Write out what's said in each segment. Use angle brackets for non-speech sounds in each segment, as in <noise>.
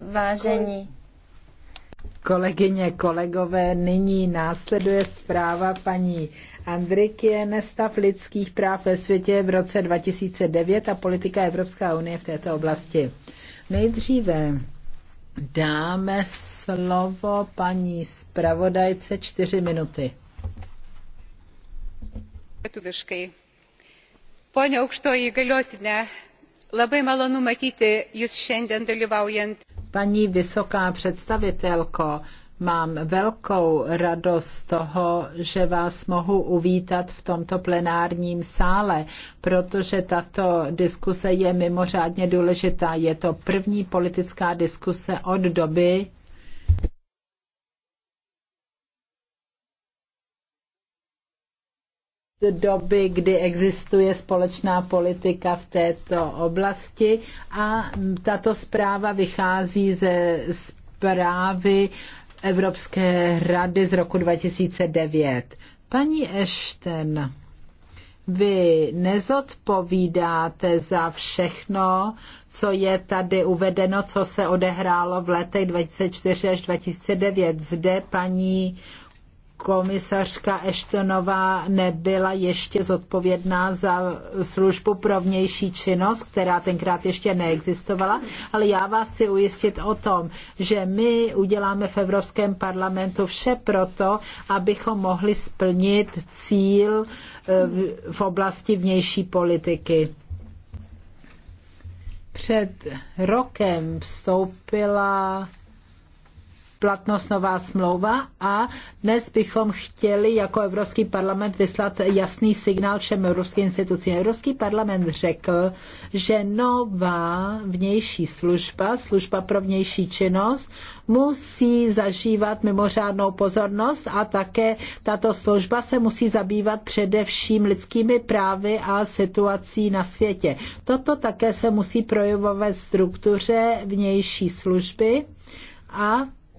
Vážení kolegyně, kolegové, nyní následuje zpráva paní Andrikien Nestav lidských práv ve světě v roce 2009 a politika Evropská unie v této oblasti. Nejdříve dáme slovo paní zpravodajce čtyři minuty. Tudiškai. Paní aukšto įgaliotinė Labai malonu matyti jūs šiandien dalyvaujant. Paní vysoká představitelko, mám velkou radost toho, že vás mohu uvítat v tomto plenárním sále, protože tato diskuse je mimořádně důležitá. Je to první politická diskuse od doby, doby, kdy existuje společná politika v této oblasti a tato zpráva vychází ze zprávy Evropské rady z roku 2009. Paní Ešten, vy nezodpovídáte za všechno, co je tady uvedeno, co se odehrálo v letech 2004 až 2009. Zde paní komisařka Eštonová nebyla ještě zodpovědná za službu pro vnější činnost, která tenkrát ještě neexistovala, ale já vás chci ujistit o tom, že my uděláme v Evropském parlamentu vše proto, abychom mohli splnit cíl eh, v oblasti vnější politiky. Před rokem vstoupila platnost nová smlouva a dnes bychom chtěli jako Evropský parlament vyslat jasný signál všem evropským institucím. Evropský parlament řekl, že nová vnější služba, služba pro vnější činnost, musí zažívat mimořádnou pozornost a také tato služba se musí zabývat především lidskými právy a situací na světě. Toto také se musí projevovat ve struktuře vnější služby a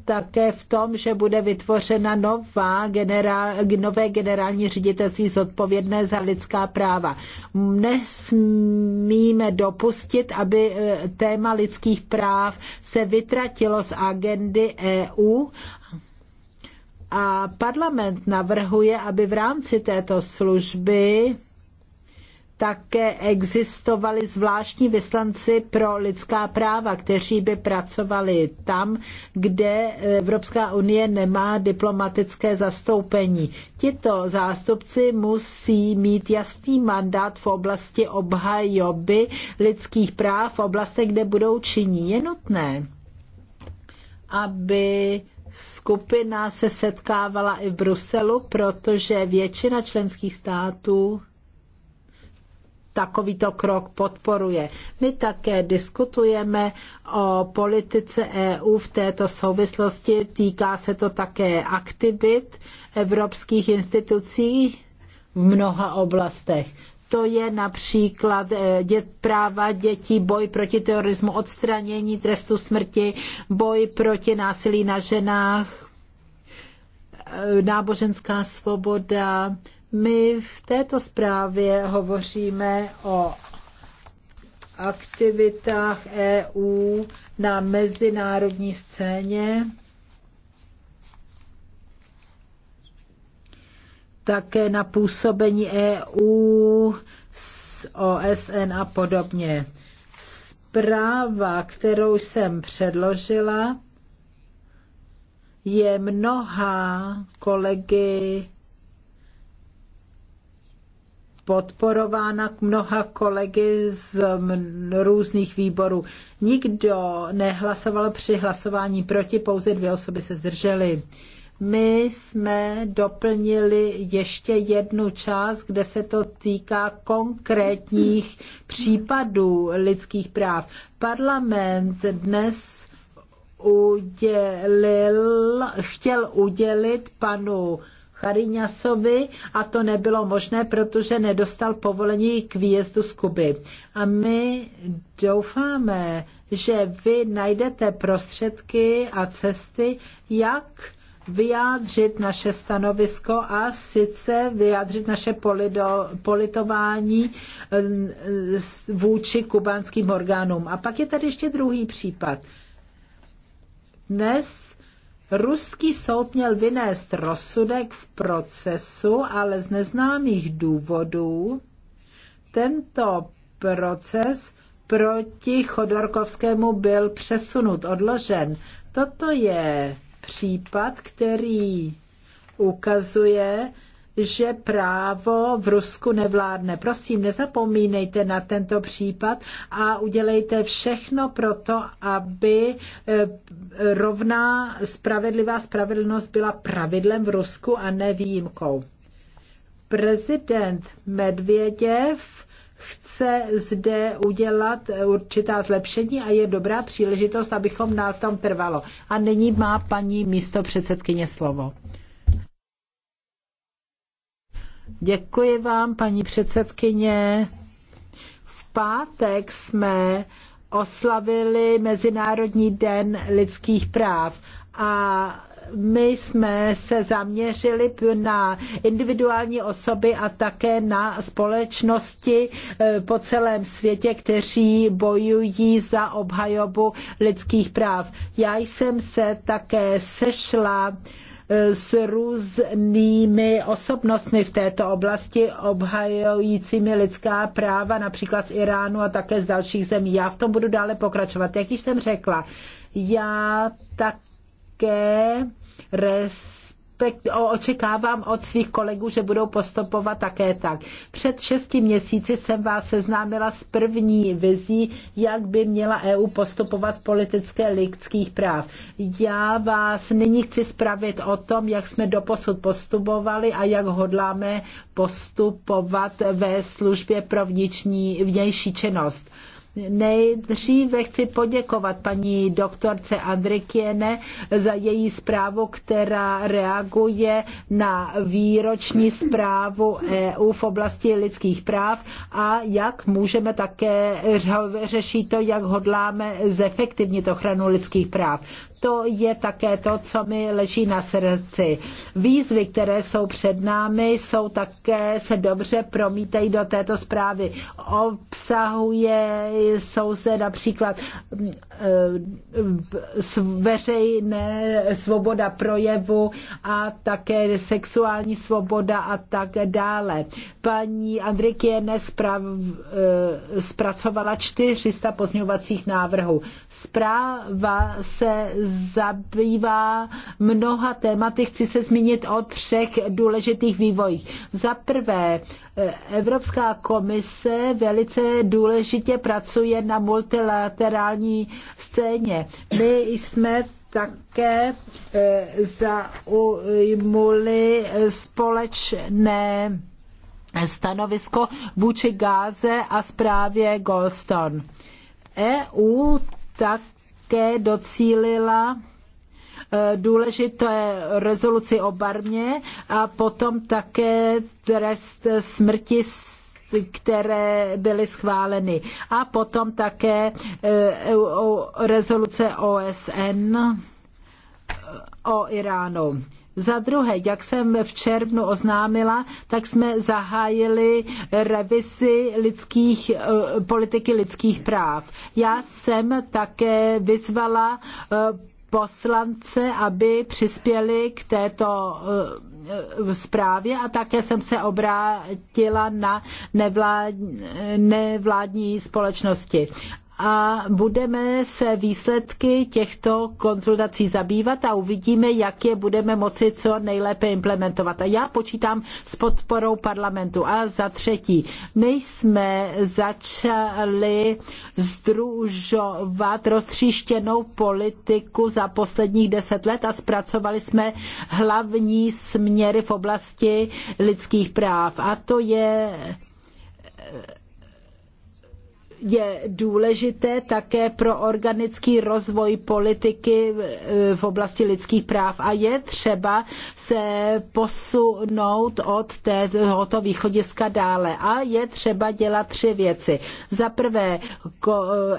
také v tom, že bude vytvořena nová generál, nové generální ředitelství zodpovědné za lidská práva. Nesmíme dopustit, aby eh, téma lidských práv se vytratilo z agendy EU a parlament navrhuje, aby v rámci této služby také existovali zvláštní vyslanci pro lidská práva, kteří by pracovali tam, kde Evropská unie nemá diplomatické zastoupení. Tito zástupci musí mít jasný mandát v oblasti obhajoby lidských práv v oblastech, kde budou činí. Je nutné, aby skupina se setkávala i v Bruselu, protože většina členských států takovýto krok podporuje. My také diskutujeme o politice EU v této souvislosti. Týká se to také aktivit evropských institucí v mnoha oblastech to je například eh, dět, práva dětí, boj proti terorismu, odstranění trestu smrti, boj proti násilí na ženách, eh, náboženská svoboda, my v této zprávě hovoříme o aktivitách EU na mezinárodní scéně. také na působení EU, OSN a podobně. Zpráva, kterou jsem předložila, je mnoha kolegy podporována mnoha kolegy z různých výborů. Nikdo nehlasoval při hlasování proti, pouze dvě osoby se zdržely. My jsme doplnili ještě jednu část, kde se to týká konkrétních případů lidských práv. Parlament dnes udělil, chtěl udělit panu Chariňasovi a to nebylo možné, protože nedostal povolení k výjezdu z Kuby. A my doufáme, že vy najdete prostředky a cesty, jak vyjádřit naše stanovisko a sice vyjádřit naše polido, politování eh, vůči kubánským orgánům. A pak je tady ještě druhý případ. Dnes Ruský soud měl vynést rozsudek v procesu, ale z neznámých důvodů tento proces proti Chodorkovskému byl přesunut, odložen. Toto je případ, který ukazuje, že právo v Rusku nevládne. Prosím, nezapomínejte na tento případ a udělejte všechno pro to, aby eh, rovná spravedlivá spravedlnost byla pravidlem v Rusku a ne výjimkou. Prezident Medvěděv chce zde udělat určitá zlepšení a je dobrá příležitost, abychom na tom trvalo. A nyní má paní místo předsedkyně slovo. Děkuji vám, paní předsedkyně. V pátek jsme oslavili Mezinárodní den lidských práv a my jsme se zaměřili na individuální osoby a také na společnosti eh, po celém světě, kteří bojují za obhajobu lidských práv. Já jsem se také sešla s různými osobnostmi v této oblasti obhajujícími lidská práva, například z Iránu a také z dalších zemí. Já v tom budu dále pokračovat. Jak již jsem řekla, já také res očekávám od svých kolegů, že budou postupovat také tak. Před šesti měsíci jsem vás seznámila s první vizí, jak by měla EU postupovat v politické lidských práv. Já vás nyní chci spravit o tom, jak jsme doposud postupovali a jak hodláme postupovat ve službě pro vnitřní, vnější činnost. Nejdříve chci poděkovat paní doktorce Andrikiene za její zprávu, která reaguje na výroční zprávu EU v oblasti lidských práv a jak můžeme také řešit to, jak hodláme zefektivnit ochranu lidských práv to je také to, co mi leží na srdci. Výzvy, které jsou před námi, jsou také, se dobře promítají do této zprávy. Obsahuje, jsou zde například mm, eh, veřejné svoboda projevu a také sexuální svoboda a tak dále. Paní Andrikiene zprav, eh, zpracovala 400 pozňovacích návrhů. Zpráva se zabývá mnoha tématy. Chci se zmínit o třech důležitých vývojích. Za prvé, e, Evropská komise velice důležitě pracuje na multilaterální scéně. My jsme také e, zaujmuli společné stanovisko vůči Gáze a zprávě Goldstone. EU tak také docílila eh, důležité rezoluci o Barmě a potom také trest smrti které byly schváleny. A potom také eh, rezoluce OSN eh, o Iránu. Za druhé, jak jsem v červnu oznámila, tak jsme zahájili revisi lidských, eh, politiky lidských práv. Já jsem také vyzvala eh, poslance, aby přispěli k této eh, zprávě a také jsem se obrátila na nevládní společnosti a budeme se výsledky těchto konzultací zabývat a uvidíme, jak je budeme moci co nejlépe implementovat. A já počítám s podporou parlamentu. A za třetí, my jsme začali združovat roztříštěnou politiku za posledních deset let a zpracovali jsme hlavní směry v oblasti lidských práv. A to je je důležité také pro organický rozvoj politiky eh, v oblasti lidských práv a je třeba se posunout od tohoto východiska dále. A je třeba dělat tři věci. Za prvé,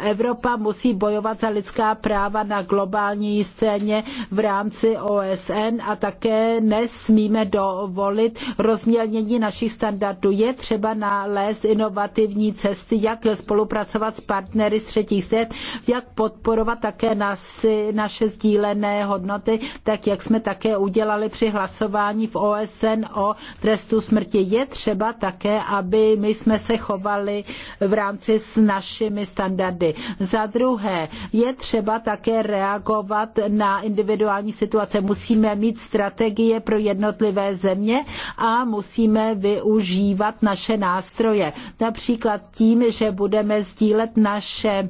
Evropa musí bojovat za lidská práva na globální scéně v rámci OSN a také nesmíme dovolit rozmělnění našich standardů. Je třeba nalézt inovativní cesty, jak spolupracovat spolupracovat s partnery z třetích svět, jak podporovat také nasi, naše sdílené hodnoty, tak jak jsme také udělali při hlasování v OSN o trestu smrti. Je třeba také, aby my jsme se chovali v rámci s našimi standardy. Za druhé, je třeba také reagovat na individuální situace. Musíme mít strategie pro jednotlivé země a musíme využívat naše nástroje. Například tím, že budeme sdílet naše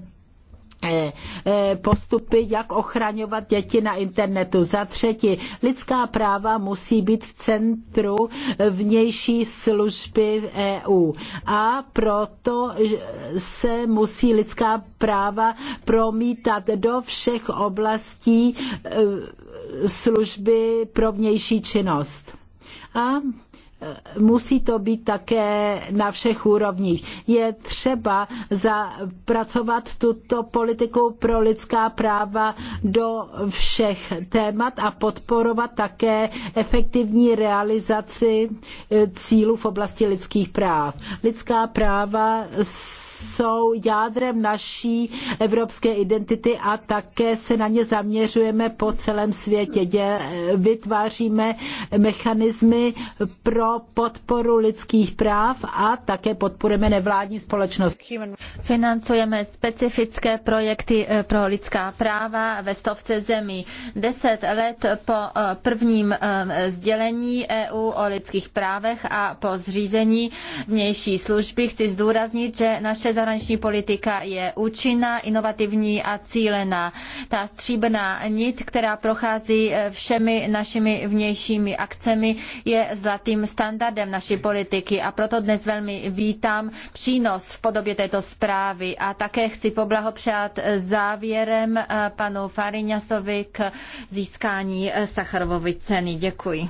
eh, eh, postupy, jak ochraňovat děti na internetu. Za třetí, lidská práva musí být v centru vnější služby EU a proto se musí lidská práva promítat do všech oblastí eh, služby pro vnější činnost. A musí to být také na všech úrovních. Je třeba zapracovat tuto politiku pro lidská práva do všech témat a podporovat také efektivní realizaci eh, cílů v oblasti lidských práv. Lidská práva jsou jádrem naší evropské identity a také se na ně zaměřujeme po celém světě. Vytváříme mechanismy pro podporu lidských práv a také podporujeme nevládní společnost. Financujeme specifické projekty eh, pro lidská práva ve stovce zemí. Deset let po eh, prvním eh, sdělení EU o lidských právech a po zřízení vnější služby chci zdůraznit, že naše zahraniční politika je účinná, inovativní a cílená. Ta stříbrná nit, která prochází všemi našimi vnějšími akcemi, je zlatým stavem standardem naší politiky a proto dnes velmi vítám přínos v podobě této zprávy a také chci poblahopřát závěrem eh, panu Fariňasovi k získání eh, Sacharovovy ceny. Děkuji.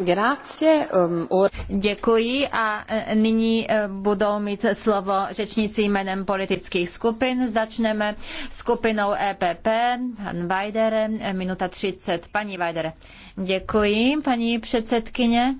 Um, děkuji a eh, nyní budou mít slovo řečníci jménem politických skupin. Začneme skupinou EPP, pan Vajdere, minuta 30. Paní Vajdere, děkuji, paní předsedkyně.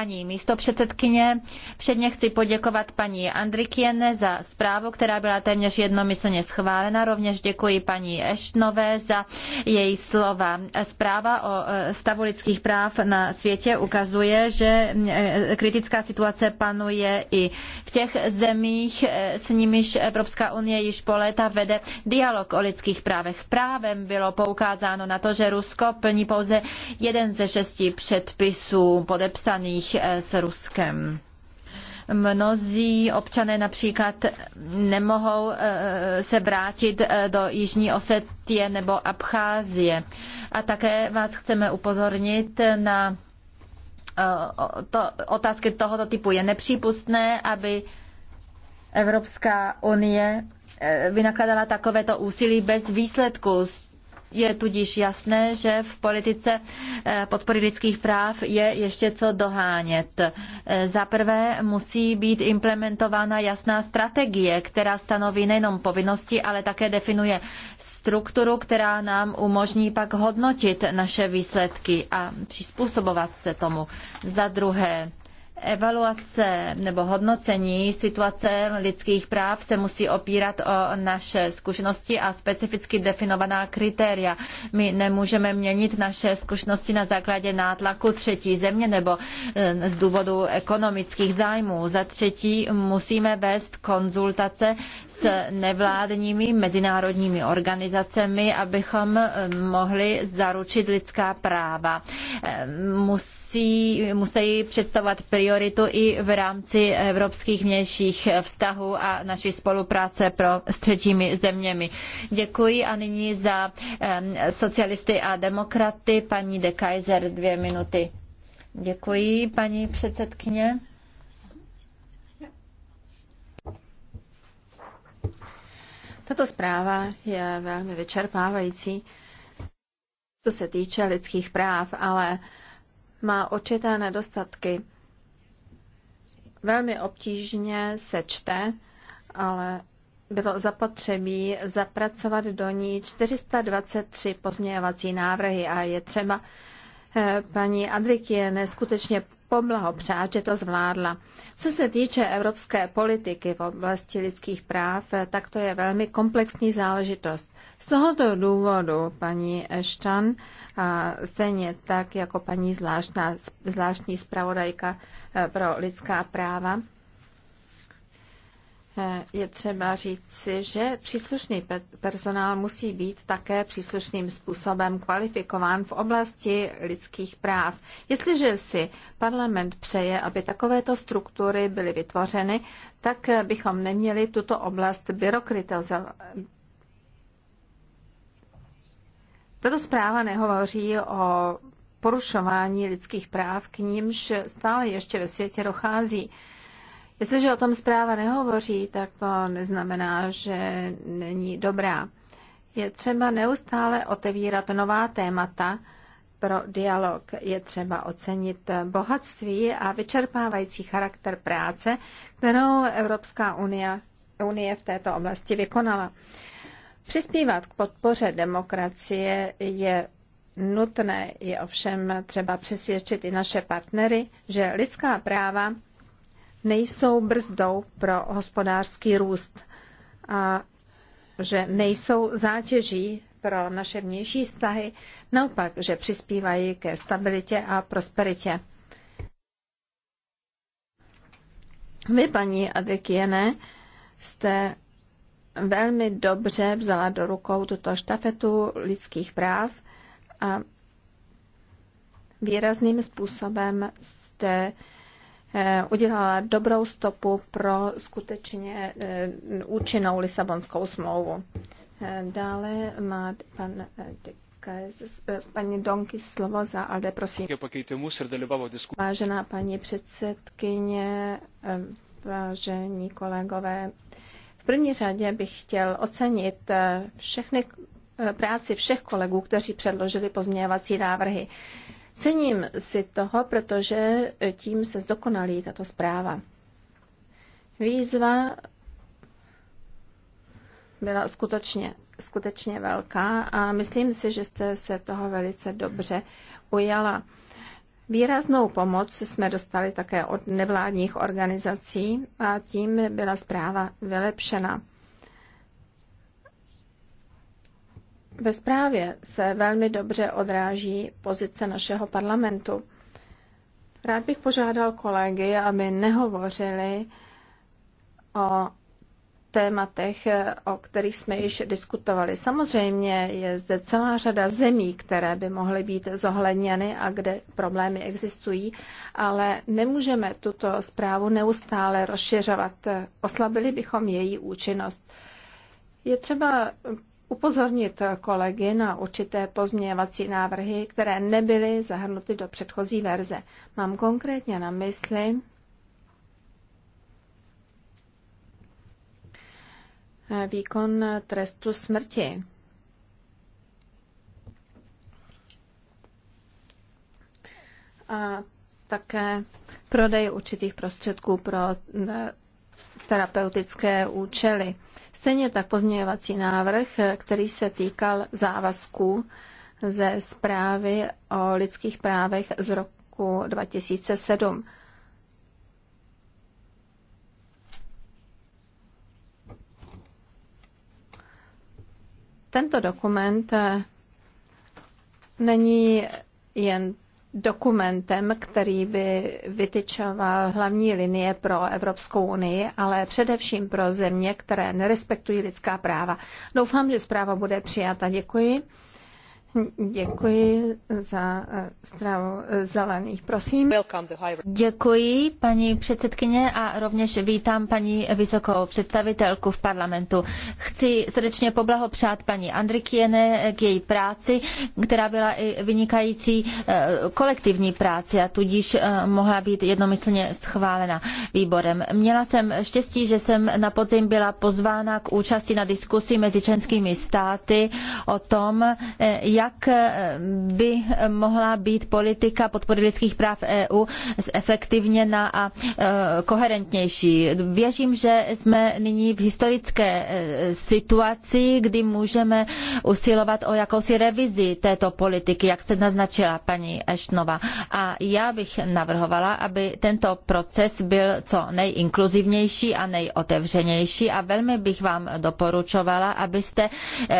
paní místopředsedkyně. Předně chci poděkovat paní Andrikiene za zprávu, která byla téměř jednomyslně schválena. Rovněž děkuji paní Eštnové za její slova. Zpráva o e, stavu lidských práv na světě ukazuje, že e, kritická situace panuje i v těch zemích, e, s nimiž Evropská unie již po léta vede dialog o lidských právech. Právem bylo poukázáno na to, že Rusko plní pouze jeden ze šesti předpisů podepsaných vztazích eh, s Ruskem mnozí občané například nemohou eh, eh, se vrátit do Jižní Osetie nebo Abcházie. A také vás chceme upozornit na to, otázky tohoto typu. Je nepřípustné, aby Evropská unie vynakladala takovéto úsilí bez výsledku. Z je tudíž jasné, že v politice eh, podpory lidských práv je ještě co dohánět. Eh, za prvé musí být implementována jasná strategie, která stanoví nejenom povinnosti, ale také definuje strukturu, která nám umožní pak hodnotit naše výsledky a přizpůsobovat se tomu. Za druhé, evaluace nebo hodnocení situace lidských práv se musí opírat o naše zkušenosti a specificky definovaná kritéria. My nemůžeme měnit naše zkušenosti na základě nátlaku třetí země nebo eh, z důvodu ekonomických zájmů. Za třetí musíme vést konzultace s nevládními mezinárodními organizacemi, abychom eh, mohli zaručit lidská práva. Eh, musí, musí představovat prioritu i v rámci evropských vnějších vztahů a naší spolupráce pro, s třetími zeměmi. Děkuji a nyní za eh, socialisty a demokraty paní de Kaiser dvě minuty. Děkuji, paní předsedkyně. Tato zpráva je velmi vyčerpávající, co se týče lidských práv, ale má určité nedostatky. Velmi obtížně se čte, ale bylo zapotřebí zapracovat do ní 423 pozměňovací návrhy a je třeba eh, paní je neskutečně poblahopřát, že to zvládla. Co se týče evropské politiky v oblasti lidských práv, tak to je velmi komplexní záležitost. Z tohoto důvodu paní Eštan, a stejně tak jako paní zvláštní zpravodajka eh, pro lidská práva, Eh, je třeba říci, že příslušný personál musí být také příslušným způsobem kvalifikován v oblasti lidských práv. Jestliže si parlament přeje, aby takovéto struktury byly vytvořeny, tak eh, bychom neměli tuto oblast byrokratizovat. Tato zpráva nehovoří o porušování lidských práv, k nímž stále ještě ve světě dochází. Jestliže o tom zpráva nehovoří, tak to neznamená, že není dobrá. Je třeba neustále otevírat nová témata pro dialog. Je třeba ocenit bohatství a vyčerpávající charakter práce, kterou Evropská unie, unie v této oblasti vykonala. Přispívat k podpoře demokracie je nutné, je ovšem třeba přesvědčit i naše partnery, že lidská práva nejsou brzdou pro hospodářský růst a že nejsou zátěží pro naše vnější vztahy, naopak, že přispívají ke stabilitě a prosperitě. Vy, paní Adrikiene, jste velmi dobře vzala do rukou tuto štafetu lidských práv a výrazným způsobem jste uh, Eh, udělala dobrou stopu pro skutečně eh, účinnou Lisabonskou smlouvu. Eh, dále má pan paní Donky slovo za Alde, prosím. Vážená paní předsedkyně, vážení kolegové, v první řadě bych chtěl ocenit všechny práci všech kolegů, kteří předložili pozměňovací návrhy. Cením si toho, protože tím se zdokonalí tato zpráva. Výzva byla skutečně, skutečně velká a myslím si, že jste se toho velice dobře ujala. Výraznou pomoc jsme dostali také od nevládních organizací a tím byla zpráva vylepšena. Ve zprávě se velmi dobře odráží pozice našeho parlamentu. Rád bych požádal kolegy, aby nehovořili o tématech, o kterých jsme již diskutovali. Samozřejmě je zde celá řada zemí, které by mohly být zohledněny a kde problémy existují, ale nemůžeme tuto zprávu neustále rozšiřovat. Oslabili bychom její účinnost. Je třeba upozornit kolegy na určité pozměňovací návrhy, které nebyly zahrnuty do předchozí verze. Mám konkrétně na mysli výkon trestu smrti. A také prodej určitých prostředků pro eh, terapeutické účely. Stejně tak pozměňovací návrh, který se týkal závazků ze zprávy o lidských právech z roku 2007. Tento dokument není jen dokumentem, který by vytyčoval hlavní linie pro Evropskou unii, ale především pro země, které nerespektují lidská práva. Doufám, že zpráva bude přijata. Děkuji. Děkuji za eh, zprávu eh, zelených, prosím. Děkuji, paní předsedkyně, a rovněž vítám paní vysokou představitelku v parlamentu. Chci srdečně poblahopřát paní Andrikiene k její práci, která byla i vynikající eh, kolektivní práce a tudíž mohla být jednomyslně schválena výborem. Měla jsem štěstí, že jsem na podzim byla pozvána k účasti na diskusi mezi členskými státy o tom, jak jak eh, by mohla být politika podpory lidských práv EU zefektivněna a eh, koherentnější. Věřím, že jsme nyní v historické eh, situaci, kdy můžeme usilovat o jakousi revizi této politiky, jak jste naznačila paní Eštnova. A já bych navrhovala, aby tento proces byl co nejinkluzivnější a nejotevřenější a velmi bych vám doporučovala, abyste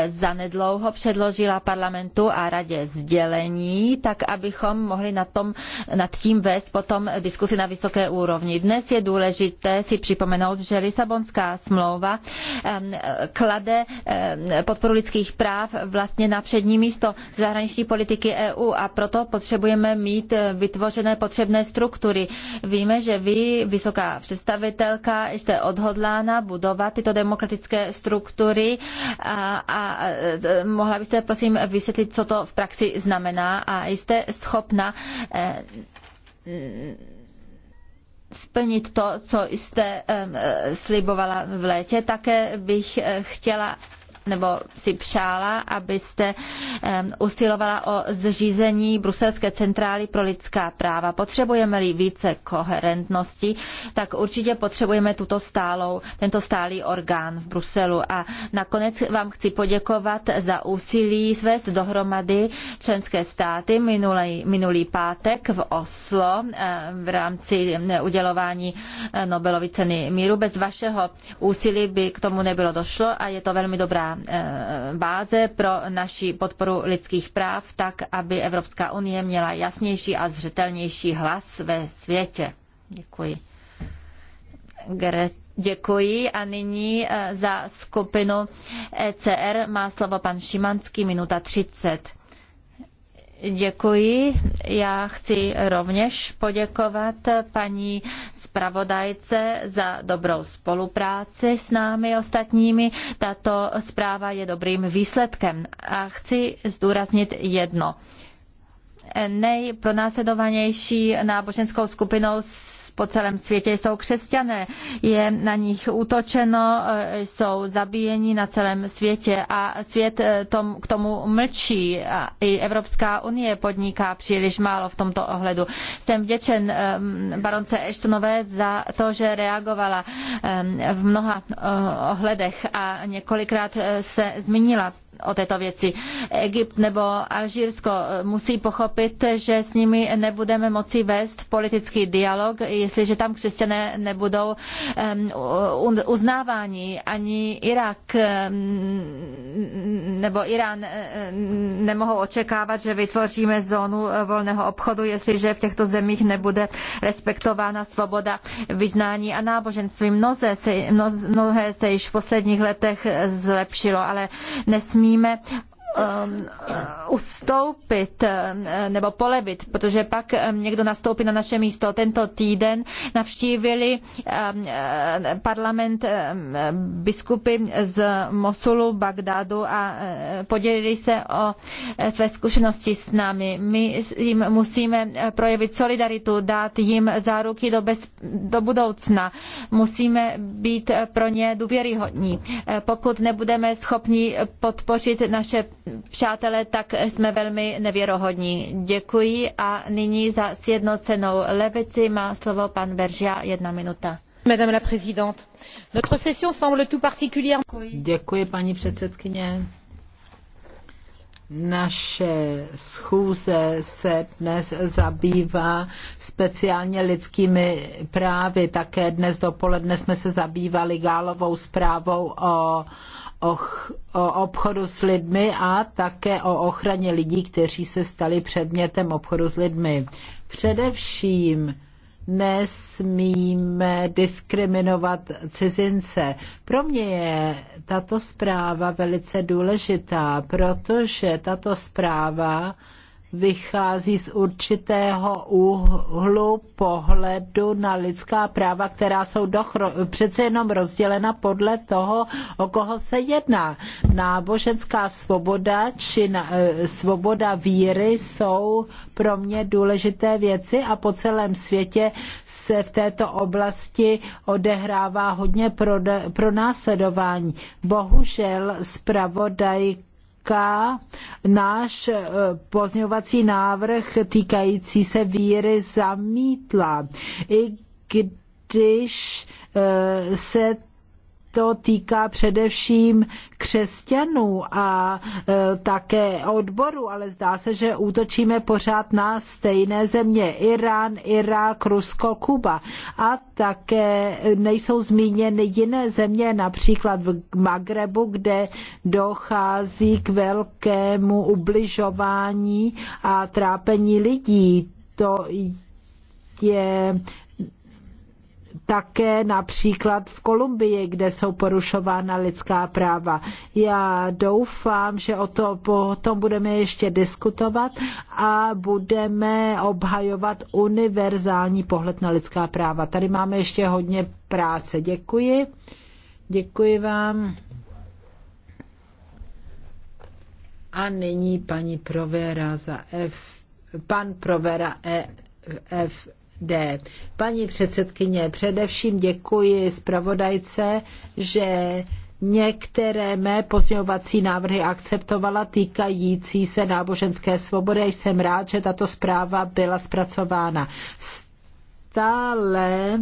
zanedlouho předložila parlamentu parlamentu a radě sdělení, tak abychom mohli nad, tom, nad tím vést potom diskusi na vysoké úrovni. Dnes je důležité si připomenout, že Lisabonská smlouva klade podporu lidských práv vlastně na přední místo zahraniční politiky EU a proto potřebujeme mít vytvořené potřebné struktury. Víme, že vy, vysoká představitelka, jste odhodlána budovat tyto demokratické struktury a, a mohla byste prosím vysvětlit, si, co to v praxi znamená a jste schopna eh, splnit to, co jste eh, slibovala v létě. Také bych eh, chtěla nebo si přála, abyste usilovala o zřízení Bruselské centrály pro lidská práva. Potřebujeme-li více koherentnosti, tak určitě potřebujeme tuto stálou, tento stálý orgán v Bruselu. A nakonec vám chci poděkovat za úsilí svést dohromady členské státy minulý, minulý pátek v Oslo v rámci udělování Nobelovy ceny míru. Bez vašeho úsilí by k tomu nebylo došlo a je to velmi dobrá Eh, báze pro naši podporu lidských práv, tak aby Evropská unie měla jasnější a zřetelnější hlas ve světě. Děkuji. Děkuji a nyní eh, za skupinu ECR má slovo pan Šimanský, minuta 30. Děkuji. Já chci rovněž poděkovat paní zpravodajce za dobrou spolupráci s námi ostatními. Tato zpráva je dobrým výsledkem a chci zdůraznit jedno. Nejpronásledovanější náboženskou skupinou po celém světě jsou křesťané. Je na nich útočeno, eh, jsou zabíjeni na celém světě a svět eh, tom, k tomu mlčí. A I Evropská unie podniká příliš málo v tomto ohledu. Jsem vděčen eh, baronce Eštonové za to, že reagovala v mnoha ohledech a několikrát se zmínila o této věci. Egypt nebo Alžírsko eh, musí pochopit, že s nimi nebudeme moci vést politický dialog, jestliže tam křesťané nebudou uznávání, Ani Irák nebo Irán eh, nemohou očekávat, že vytvoříme zónu eh, volného obchodu, jestliže v těchto zemích nebude respektována svoboda vyznání a náboženství. Mnohé se, mnohé se již v posledních letech zlepšilo, ale nesmí činíme um, ustoupit um, nebo polevit, protože pak um, někdo nastoupí na naše místo. Tento týden navštívili um, uh, parlament um, biskupy z Mosulu, Bagdádu a uh, podělili se o uh, své zkušenosti s námi. My jim musíme projevit solidaritu, dát jim záruky do, bez, do budoucna. Musíme být pro ně důvěryhodní. Pokud nebudeme schopni podpořit naše přátelé, tak jsme velmi nevěrohodní. Děkuji a nyní za sjednocenou levici má slovo pan Beržia jedna minuta. Madame la présidente, notre session semble tout Děkuji, paní předsedkyně. Naše schůze se dnes zabývá speciálně lidskými právy. Také dnes dopoledne jsme se zabývali Gálovou zprávou o och, o obchodu s lidmi a také o ochraně lidí, kteří se stali předmětem obchodu s lidmi. Především nesmíme diskriminovat cizince. Pro mě je tato zpráva velice důležitá, protože tato zpráva vychází z určitého úhlu pohledu na lidská práva, která jsou dochro, přece jenom rozdělena podle toho, o koho se jedná. Náboženská svoboda či na, eh, svoboda víry jsou pro mě důležité věci a po celém světě se v této oblasti odehrává hodně pro, pro následování. Bohužel zpravodajka týká náš eh, pozměňovací návrh týkající se víry zamítla. I když eh, se to týká především křesťanů a e, také odboru, ale zdá se, že útočíme pořád na stejné země. Irán, Irák, Rusko, Kuba. A také nejsou zmíněny jiné země, například v Magrebu, kde dochází k velkému ubližování a trápení lidí. To je také například v Kolumbii, kde jsou porušována lidská práva. Já doufám, že o to potom budeme ještě diskutovat a budeme obhajovat univerzální pohled na lidská práva. Tady máme ještě hodně práce. Děkuji. Děkuji vám. A nyní paní Provera za F, pan Provera E, D. Paní předsedkyně, především děkuji zpravodajce, že některé mé pozměňovací návrhy akceptovala týkající se náboženské svobody. Jsem rád, že tato zpráva byla zpracována. Stále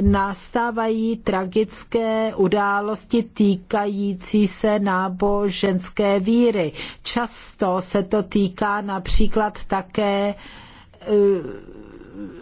nastávají tragické události týkající se náboženské víry. Často se to týká například také eh,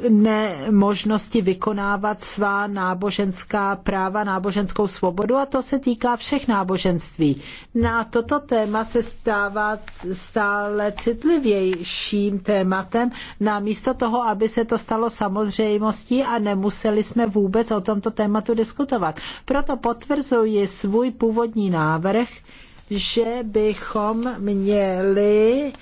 nemožnosti vykonávat svá náboženská práva, náboženskou svobodu a to se týká všech náboženství. Na toto téma se stává stále citlivějším tématem, namísto toho, aby se to stalo samozřejmostí a nemuseli jsme vůbec o tomto tématu diskutovat. Proto potvrzuji svůj původní návrh, že bychom měli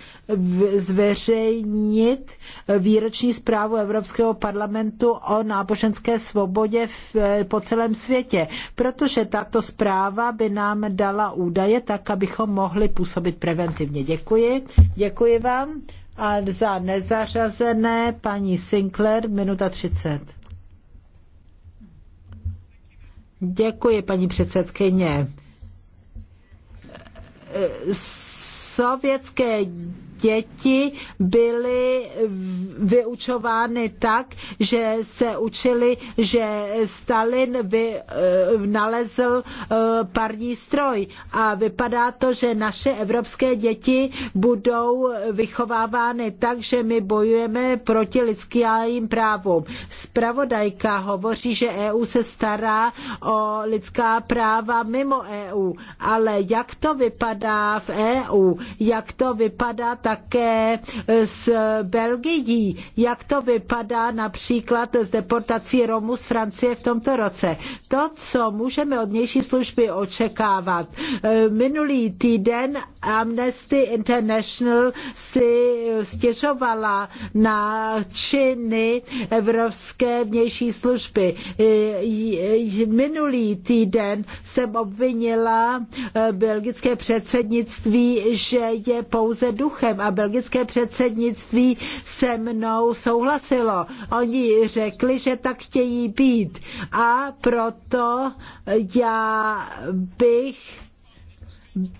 zveřejnit výroční zprávu Evropského parlamentu o náboženské svobodě v, po celém světě, protože tato zpráva by nám dala údaje tak, abychom mohli působit preventivně. Děkuji. Děkuji vám. A za nezařazené paní Sinclair, minuta 30. Děkuji, paní předsedkyně sovětské děti byly vyučovány tak, že se učili, že Stalin vy, eh, nalezl eh, parní stroj. A vypadá to, že naše evropské děti budou vychovávány tak, že my bojujeme proti lidským právům. Spravodajka hovoří, že EU se stará o lidská práva mimo EU, ale jak to vypadá v EU, jak to vypadá tak také s Belgií, jak to vypadá například s deportací Romů z Francie v tomto roce. To, co můžeme od vnější služby očekávat. E, minulý týden Amnesty International si stěžovala na činy Evropské vnější služby. E, minulý týden jsem obvinila e, belgické předsednictví, že je pouze duchem a belgické předsednictví se mnou souhlasilo. Oni řekli, že tak chtějí být a proto já bych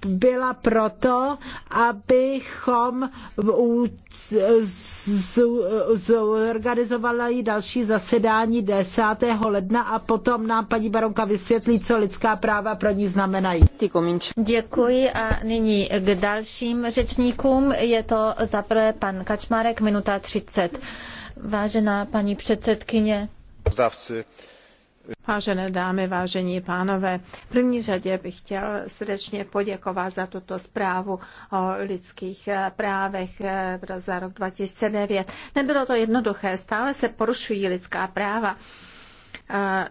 byla proto, abychom zorganizovali další zasedání 10. ledna a potom nám paní baronka vysvětlí, co lidská práva pro ní znamenají. Děkuji a nyní k dalším řečníkům. Je to zaprvé pan Kačmárek, minuta 30. Vážená paní předsedkyně. Vážené dámy, vážení pánové, v první řadě bych chtěl srdečně poděkovat za tuto zprávu o lidských eh, právech eh, za rok 2009. Nebylo to jednoduché, stále se porušují lidská práva. Eh,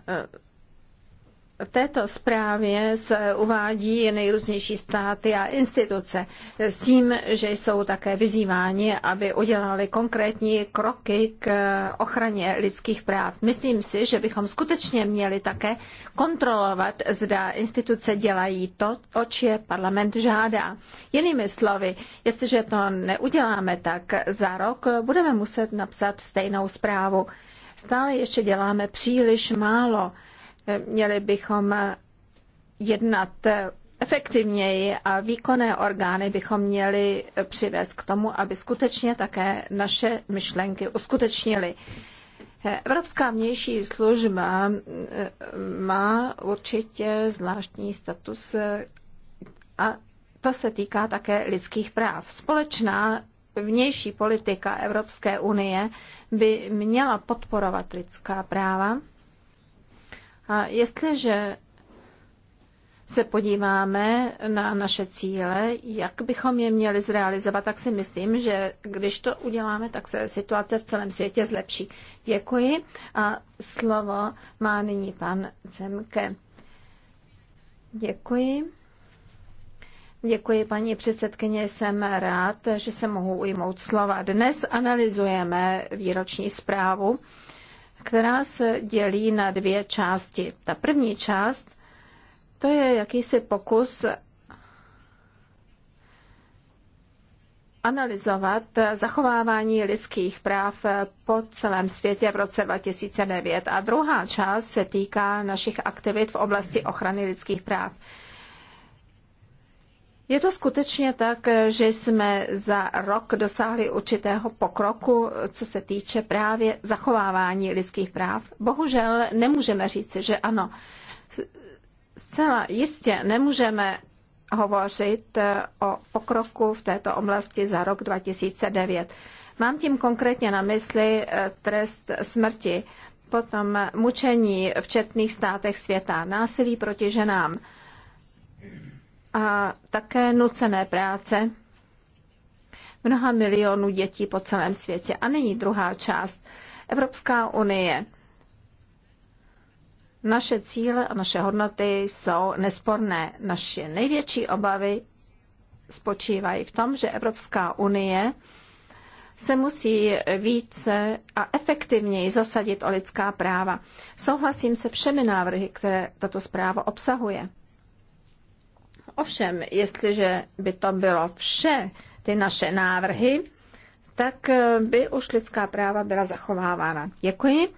této zprávě se uvádí nejrůznější státy a instituce s tím, že jsou také vyzýváni, aby udělali konkrétní kroky k ochraně lidských práv. Myslím si, že bychom skutečně měli také kontrolovat, zda instituce dělají to, oč je parlament žádá. Jinými slovy, jestliže to neuděláme, tak za rok budeme muset napsat stejnou zprávu. Stále ještě děláme příliš málo. Měli bychom jednat efektivněji a výkonné orgány bychom měli přivést k tomu, aby skutečně také naše myšlenky uskutečnili. Evropská vnější služba eh, má určitě zvláštní status eh, a to se týká také lidských práv. Společná vnější politika Evropské unie by měla podporovat lidská práva a jestliže se podíváme na naše cíle, jak bychom je měli zrealizovat, tak si myslím, že když to uděláme, tak se situace v celém světě zlepší. Děkuji a slovo má nyní pan Zemke. Děkuji. Děkuji, paní předsedkyně. Jsem rád, že se mohu ujmout slova. Dnes analyzujeme výroční zprávu která se dělí na dvě části. Ta první část to je jakýsi pokus analyzovat zachovávání lidských práv po celém světě v roce 2009. A druhá část se týká našich aktivit v oblasti ochrany lidských práv. Je to skutečně tak, že jsme za rok dosáhli určitého pokroku, co se týče právě zachovávání lidských práv? Bohužel nemůžeme říci, že ano. Zcela jistě nemůžeme hovořit eh, o pokroku v této oblasti za rok 2009. Mám tím konkrétně na mysli eh, trest smrti, potom mučení v četných státech světa, násilí proti ženám a také nucené práce mnoha milionů dětí po celém světě. A nyní druhá část. Evropská unie. Naše cíle a naše hodnoty jsou nesporné. Naše největší obavy spočívají v tom, že Evropská unie se musí více a efektivněji zasadit o lidská práva. Souhlasím se všemi návrhy, které tato zpráva obsahuje. Ovšem, jestliže by to bylo vše, ty naše návrhy, tak eh, by už lidská práva byla zachovávána. Děkuji.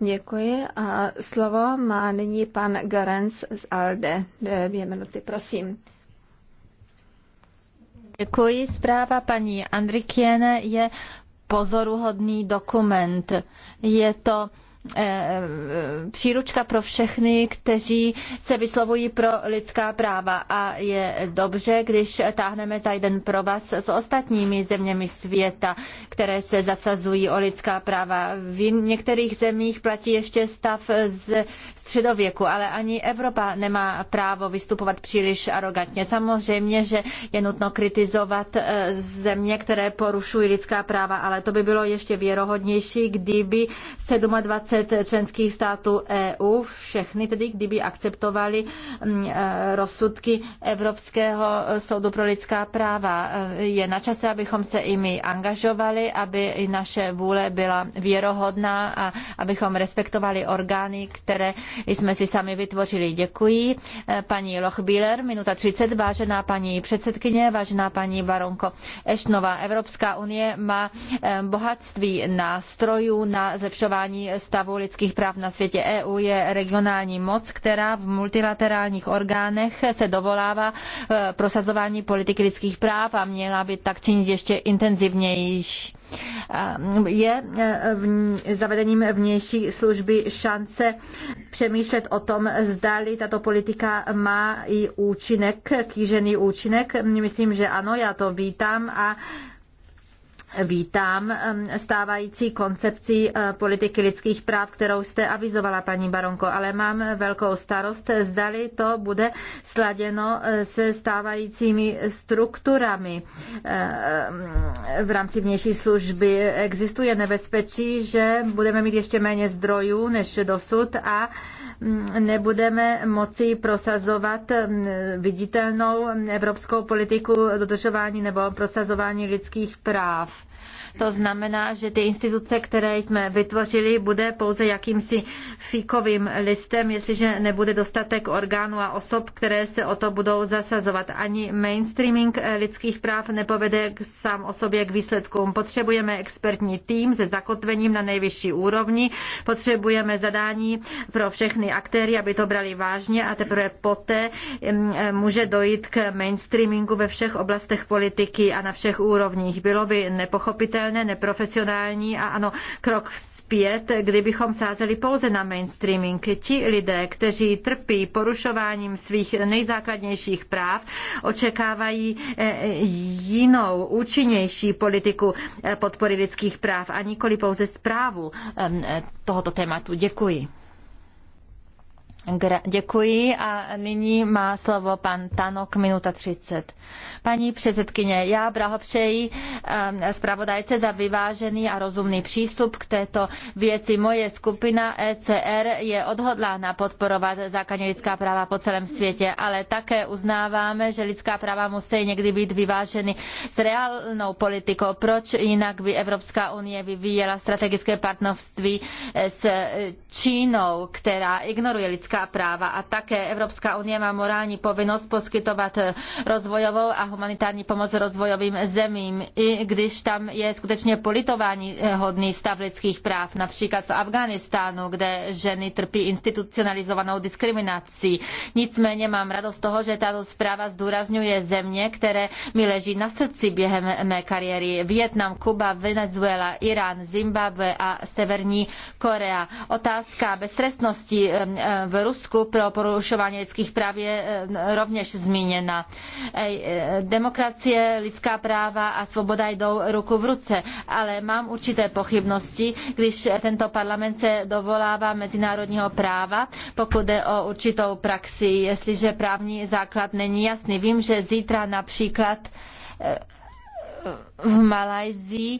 Děkuji. A slovo má nyní pan Garenc z ALDE. Eh, dvě minuty, prosím. Děkuji. Zpráva paní Andrikiene je pozoruhodný dokument. Je to Eh, eh, příručka pro všechny, kteří se vyslovují pro lidská práva a je dobře, když táhneme za jeden pro vás s ostatními zeměmi světa, které se zasazují o lidská práva. V některých zemích platí ještě stav z středověku, ale ani Evropa nemá právo vystupovat příliš arrogantně. Samozřejmě, že je nutno kritizovat eh, země, které porušují lidská práva, ale to by bylo ještě věrohodnější, kdyby 27 20 členských států EU, všechny tedy, kdyby akceptovali mm, eh, rozsudky Evropského eh, soudu pro lidská práva. Eh, je na čase, abychom se i my angažovali, aby i naše vůle byla věrohodná a abychom respektovali orgány, které jsme si sami vytvořili. Děkuji. Paní Lochbíler, minuta 30, vážená paní předsedkyně, vážená paní baronko Eštnová. Evropská unie má bohatství nástrojů na zlepšování stavu stavu lidských práv na světě. EU je regionální moc, která v multilaterálních orgánech se dovolává e, prosazování politiky lidských práv a měla by tak činit ještě intenzivnější je e, v zavedením vnější služby šance přemýšlet o tom, zdali tato politika má i účinek, kýžený účinek. Myslím, že ano, já to vítám a vítám stávající koncepci eh, politiky lidských práv, kterou jste avizovala, paní Baronko, ale mám velkou starost, zdali to bude sladěno eh, se stávajícími strukturami eh, v rámci vnější služby. Existuje nebezpečí, že budeme mít ještě méně zdrojů než dosud a nebudeme moci prosazovat mm, viditelnou evropskou politiku dodržování nebo prosazování lidských práv to znamená, že ty instituce, které jsme vytvořili, bude pouze jakýmsi fíkovým listem, jestliže nebude dostatek orgánů a osob, které se o to budou zasazovat. Ani mainstreaming lidských práv nepovede k sám o sobě k výsledkům. Potřebujeme expertní tým se zakotvením na nejvyšší úrovni, potřebujeme zadání pro všechny aktéry, aby to brali vážně a teprve poté může dojít k mainstreamingu ve všech oblastech politiky a na všech úrovních. Bylo by nepochopitelné, neviditelné, neprofesionální a ano, krok zpět, kdybychom sázeli pouze na mainstreaming. Ti lidé, kteří trpí porušováním svých nejzákladnějších práv, očekávají eh, jinou, účinnější politiku eh, podpory lidských práv a nikoli pouze zprávu eh, tohoto tématu. Děkuji. Děkuji a nyní má slovo pan Tanok, minuta 30. Paní předsedkyně, já blahopřeji ehm, zpravodajce za vyvážený a rozumný přístup k této věci. Moje skupina ECR je odhodlána podporovat základní lidská práva po celém světě, ale také uznáváme, že lidská práva musí někdy být vyváženy s reálnou politikou. Proč jinak by Evropská unie vyvíjela strategické partnerství s Čínou, která ignoruje lidská lidská práva a také Evropská unie má morální povinnost poskytovat rozvojovou a humanitární pomoc rozvojovým zemím, i když tam je skutečně politování eh, hodný stav lidských práv, například v Afghánistánu, kde ženy trpí institucionalizovanou diskriminací. Nicméně mám radost toho, že tato zpráva zdůrazňuje země, které mi leží na srdci během mé kariéry. Vietnam, Kuba, Venezuela, Irán, Zimbabwe a Severní Korea. Otázka beztrestnosti eh, v Rusku pro porušování lidských práv je eh, rovněž zmíněna. Eh, demokracie, lidská práva a svoboda jdou ruku v ruce, ale mám určité pochybnosti, když tento parlament se dovolává mezinárodního práva, pokud jde o určitou praxi, jestliže právní základ není jasný. Vím, že zítra například eh, v Malajzii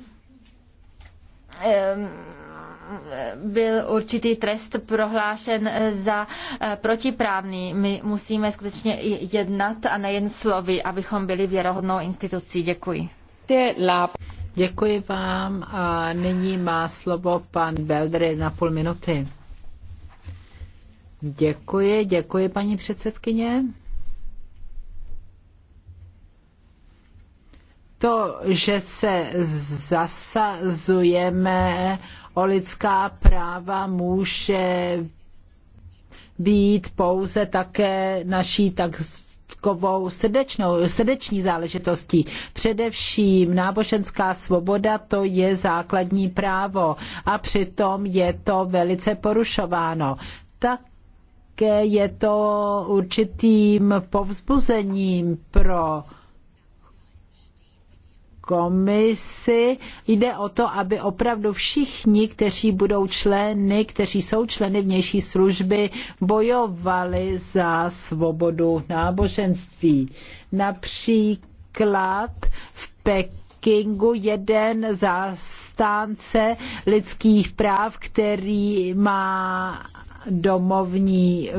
byl určitý trest prohlášen eh, za eh, protiprávný. My musíme skutečně jednat a nejen slovy, abychom byli věrohodnou institucí. Děkuji. Děkuji vám a nyní má slovo pan Beldry na půl minuty. Děkuji, děkuji paní předsedkyně. to, že se zasazujeme o lidská práva, může být pouze také naší tak takovou srdečnou, srdeční záležitostí. Především náboženská svoboda to je základní právo a přitom je to velice porušováno. Také je to určitým povzbuzením pro komisi jde o to, aby opravdu všichni, kteří budou členy, kteří jsou členy vnější služby, bojovali za svobodu náboženství. Například v Pekingu Kingu jeden zastánce lidských práv, který má domovní eh,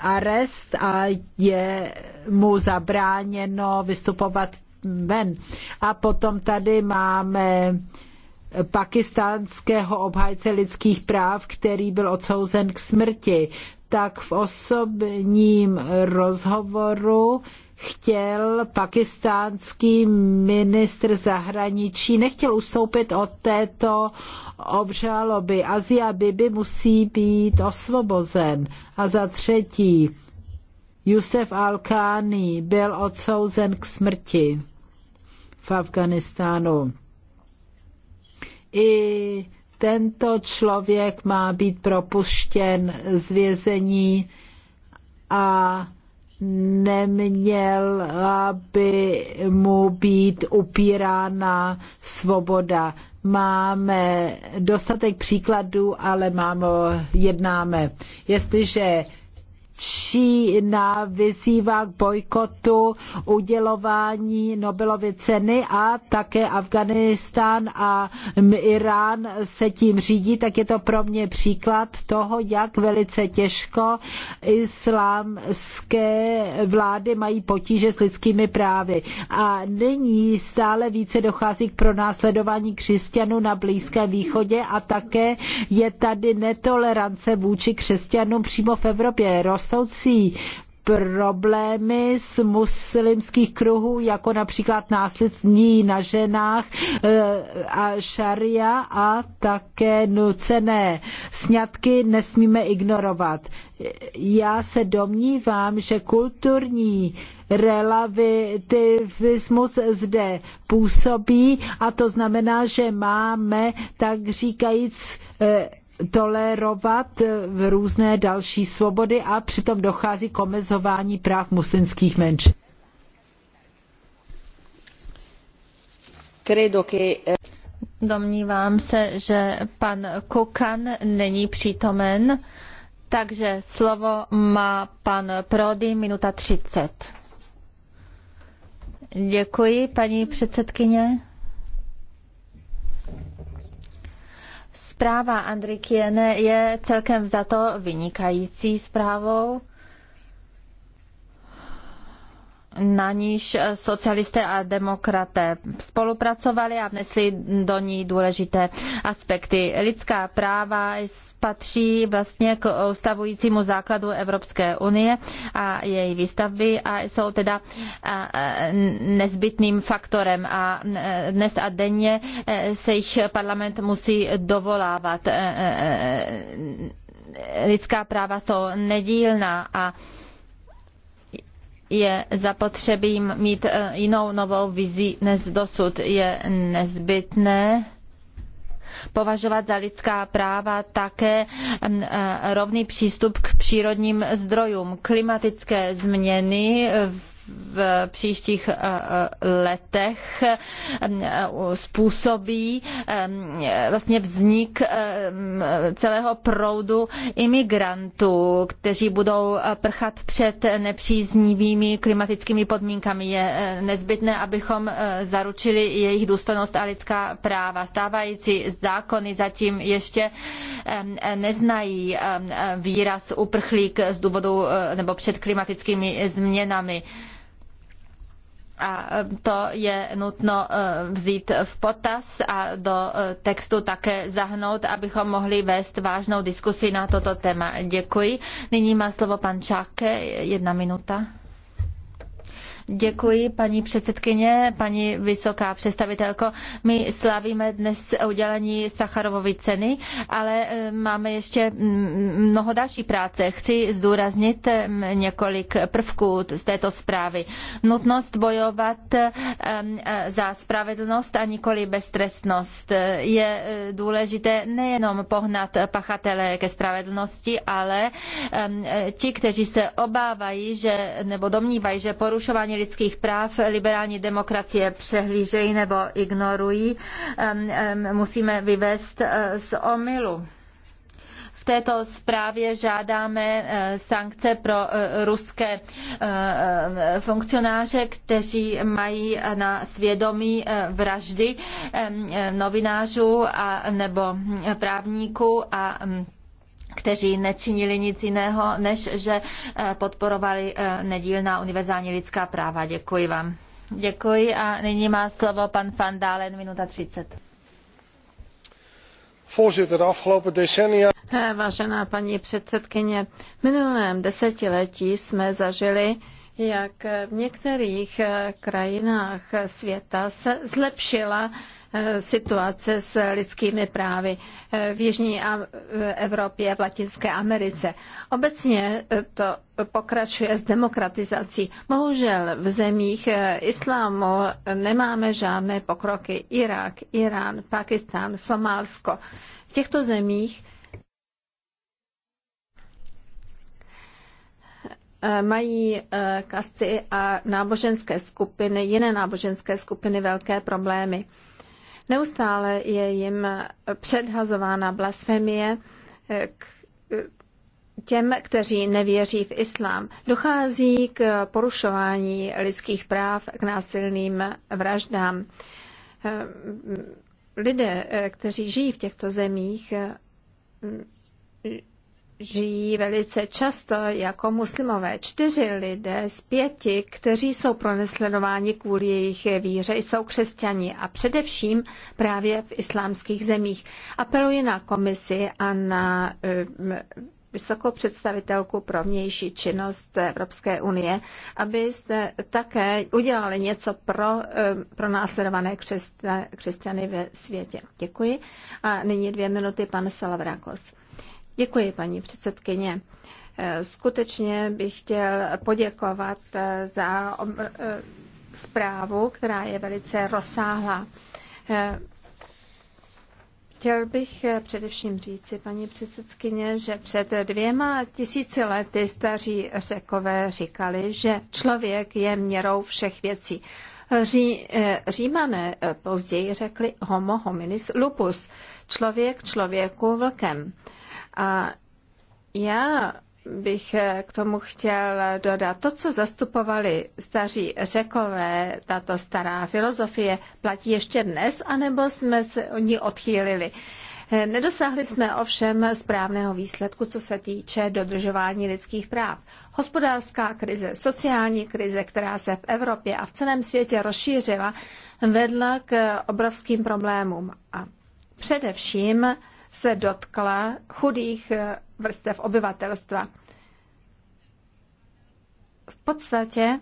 arest a je mu zabráněno vystupovat v ven. A potom tady máme pakistánského obhájce lidských práv, který byl odsouzen k smrti, tak v osobním rozhovoru chtěl pakistánský ministr zahraničí, nechtěl ustoupit od této obžaloby. Azia Bibi musí být osvobozen. A za třetí, Jusef al byl odsouzen k smrti v Afganistánu. I tento člověk má být propuštěn z vězení a neměla by mu být upírána svoboda. Máme dostatek příkladů, ale máme, jednáme. Jestliže Čína vyzývá k bojkotu udělování Nobelovy ceny a také Afghánistán a Irán se tím řídí, tak je to pro mě příklad toho, jak velice těžko islámské vlády mají potíže s lidskými právy. A nyní stále více dochází k pronásledování křesťanů na Blízkém východě a také je tady netolerance vůči křesťanům přímo v Evropě. Roz rostoucí problémy z muslimských kruhů, jako například následní na ženách eh, a šaria a také nucené sňatky nesmíme ignorovat. Já se domnívám, že kulturní relativismus zde působí a to znamená, že máme tak říkajíc eh, tolerovat eh, v různé další svobody a přitom dochází k omezování práv muslimských menšin. Eh, Domnívám se, že pan Kukan není přítomen, takže slovo má pan Prody, minuta 30. Děkuji, paní předsedkyně. Zpráva Kiene je celkem za to vynikající zprávou na níž socialisté a demokraté spolupracovali a vnesli do ní důležité aspekty. Lidská práva patří vlastně k ustavujícímu základu Evropské unie a její výstavby a jsou teda nezbytným faktorem a e, dnes a denně e, se jich parlament musí dovolávat. E, lidská práva jsou nedílná a je zapotřebí mít eh, jinou novou vizi než dosud. Je nezbytné považovat za lidská práva také mm, eh, rovný přístup k přírodním zdrojům. Klimatické změny v v příštích eh, eh, letech eh, způsobí vlastně vznik celého proudu imigrantů, kteří budou prchat před nepříznivými klimatickými podmínkami. Je nezbytné, abychom zaručili jejich důstojnost a lidská práva. Stávající zákony zatím ještě neznají výraz uprchlík z důvodu nebo před klimatickými změnami a e, to je nutno e, vzít v potaz a do e, textu také zahnout, abychom mohli vést vážnou diskusi na toto téma. Děkuji. Nyní má slovo pan Čáke, jedna minuta. Děkuji, paní předsedkyně, paní vysoká představitelko. My slavíme dnes udělení Sacharovovy ceny, ale eh, máme ještě mm, mnoho další práce. Chci zdůraznit mm, několik prvků z této zprávy. Nutnost bojovat eh, eh, za spravedlnost a nikoli beztrestnost. Je důležité nejenom pohnat pachatele ke spravedlnosti, ale ti, kteří se obávají, že nebo domnívají, že porušování lidských práv liberální demokracie přehlížejí nebo ignorují, musíme vyvést eh, z omylu této zprávě žádáme eh, sankce pro eh, ruské funkcionáře, kteří mají na svědomí vraždy novinářů a nebo hm, právníků a hm, kteří nečinili nic jiného, než že eh, podporovali eh, nedílná univerzální lidská práva. Děkuji vám. Děkuji a nyní má slovo pan Van Dalen, minuta 30. Voorzitter, de afgelopen decennia. Eh, vážená paní předsedkyně, v minulém desetiletí jsme zažili jak v některých krajinách světa se zlepšila situace s lidskými právy v Jižní Evropě, v Latinské Americe. Obecně to pokračuje s demokratizací. Bohužel v zemích islámu nemáme žádné pokroky. Irák, Irán, Pakistán, Somálsko. V těchto zemích mají eh, kasty a náboženské skupiny, jiné náboženské skupiny velké problémy. Neustále je jim předhazována blasfemie k těm, kteří nevěří v islám. Dochází k porušování lidských práv, k násilným vraždám. Lidé, kteří žijí v těchto zemích, žijí velice často jako muslimové. Čtyři lidé z pěti, kteří jsou pronesledováni kvůli jejich víře, jsou křesťani a především právě v islámských zemích. Apeluji na komisi a na eh, vysokou představitelku pro vnější činnost Evropské unie, abyste také udělali něco pro, eh, pro následované křesťany ve světě. Děkuji. A nyní dvě minuty, pan Salavrakos. Děkuji, paní předsedkyně. Eh, skutečně bych chtěl poděkovat eh, za eh, zprávu, která je velice rozsáhlá. Chtěl bych především říci, paní předsedkyně, že před dvěma tisíci lety staří řekové říkali, že člověk je měrou všech věcí. Ří, římané později řekli homo hominis lupus, člověk člověku vlkem. A já bych k tomu chtěl dodat. To, co zastupovali staří řekové, tato stará filozofie, platí ještě dnes, anebo jsme se o ní odchýlili. Nedosáhli jsme ovšem správného výsledku, co se týče dodržování lidských práv. Hospodářská krize, sociální krize, která se v Evropě a v celém světě rozšířila, vedla k obrovským problémům. A především se dotkla chudých eh, vrstev obyvatelstva. V podstatě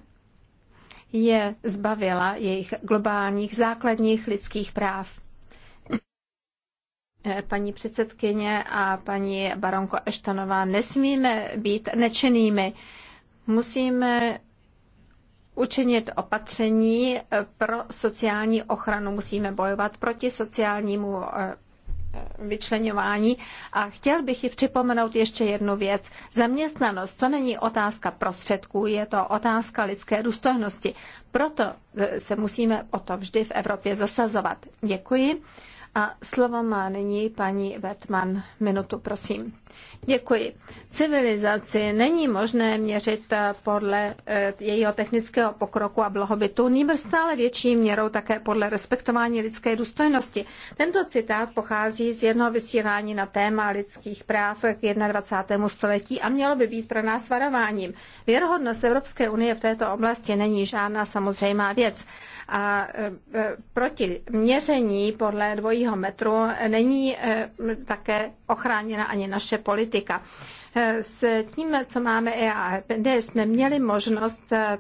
je zbavila jejich globálních základních lidských práv. Eh, paní předsedkyně a paní baronko Eštanová, nesmíme být nečinnými. Musíme učinit opatření eh, pro sociální ochranu. Musíme bojovat proti sociálnímu vyčlenování. A chtěl bych i připomenout ještě jednu věc. Zaměstnanost to není otázka prostředků, je to otázka lidské důstojnosti. Proto e, se musíme o to vždy v Evropě zasazovat. Děkuji. A slovo má nyní paní Vetman. Minutu, prosím. Děkuji. Civilizaci není možné měřit eh, podle eh, jejího technického pokroku a blahobytu, nýbrž stále větší měrou také podle respektování lidské důstojnosti. Tento citát pochází z jednoho vysílání na téma lidských práv k 21. století a mělo by být pro nás varováním. Věrohodnost Evropské unie v této oblasti není žádná samozřejmá věc. A eh, proti měření podle dvojího metru není také ochráněna ani naše naše politika. Eh, s tím, co máme EAPD, jsme měli možnost eh,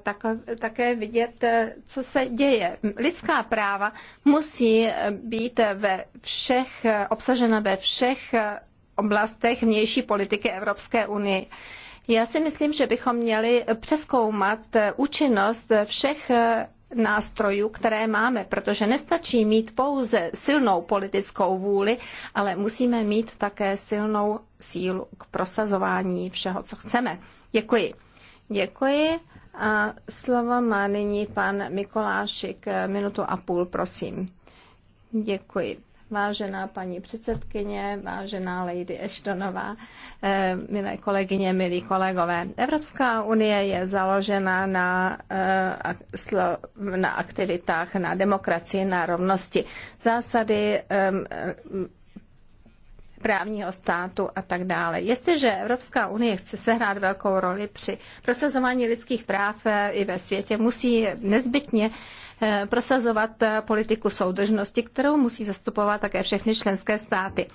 také vidět, eh, co se děje. Lidská práva musí být ve všech, obsažena ve všech oblastech vnější politiky Evropské unie. Já si myslím, že bychom měli přeskoumat účinnost všech nástrojů, které máme, protože nestačí mít pouze silnou politickou vůli, ale musíme mít také silnou sílu k prosazování všeho, co chceme. Děkuji. Děkuji. A slovo má nyní pan Mikolášik, minutu a půl, prosím. Děkuji vážená paní předsedkyně, vážená Lady Eštonová, eh, milé kolegyně, milí kolegové. Evropská unie je založena na, eh, na aktivitách, na demokracii, na rovnosti. Zásady právního státu a tak dále. Jestliže Evropská unie chce sehrát velkou roli při prosazování lidských práv eh, i ve světě, musí nezbytně Eh, prosazovat eh, politiku soudržnosti, kterou musí zastupovat také všechny členské státy.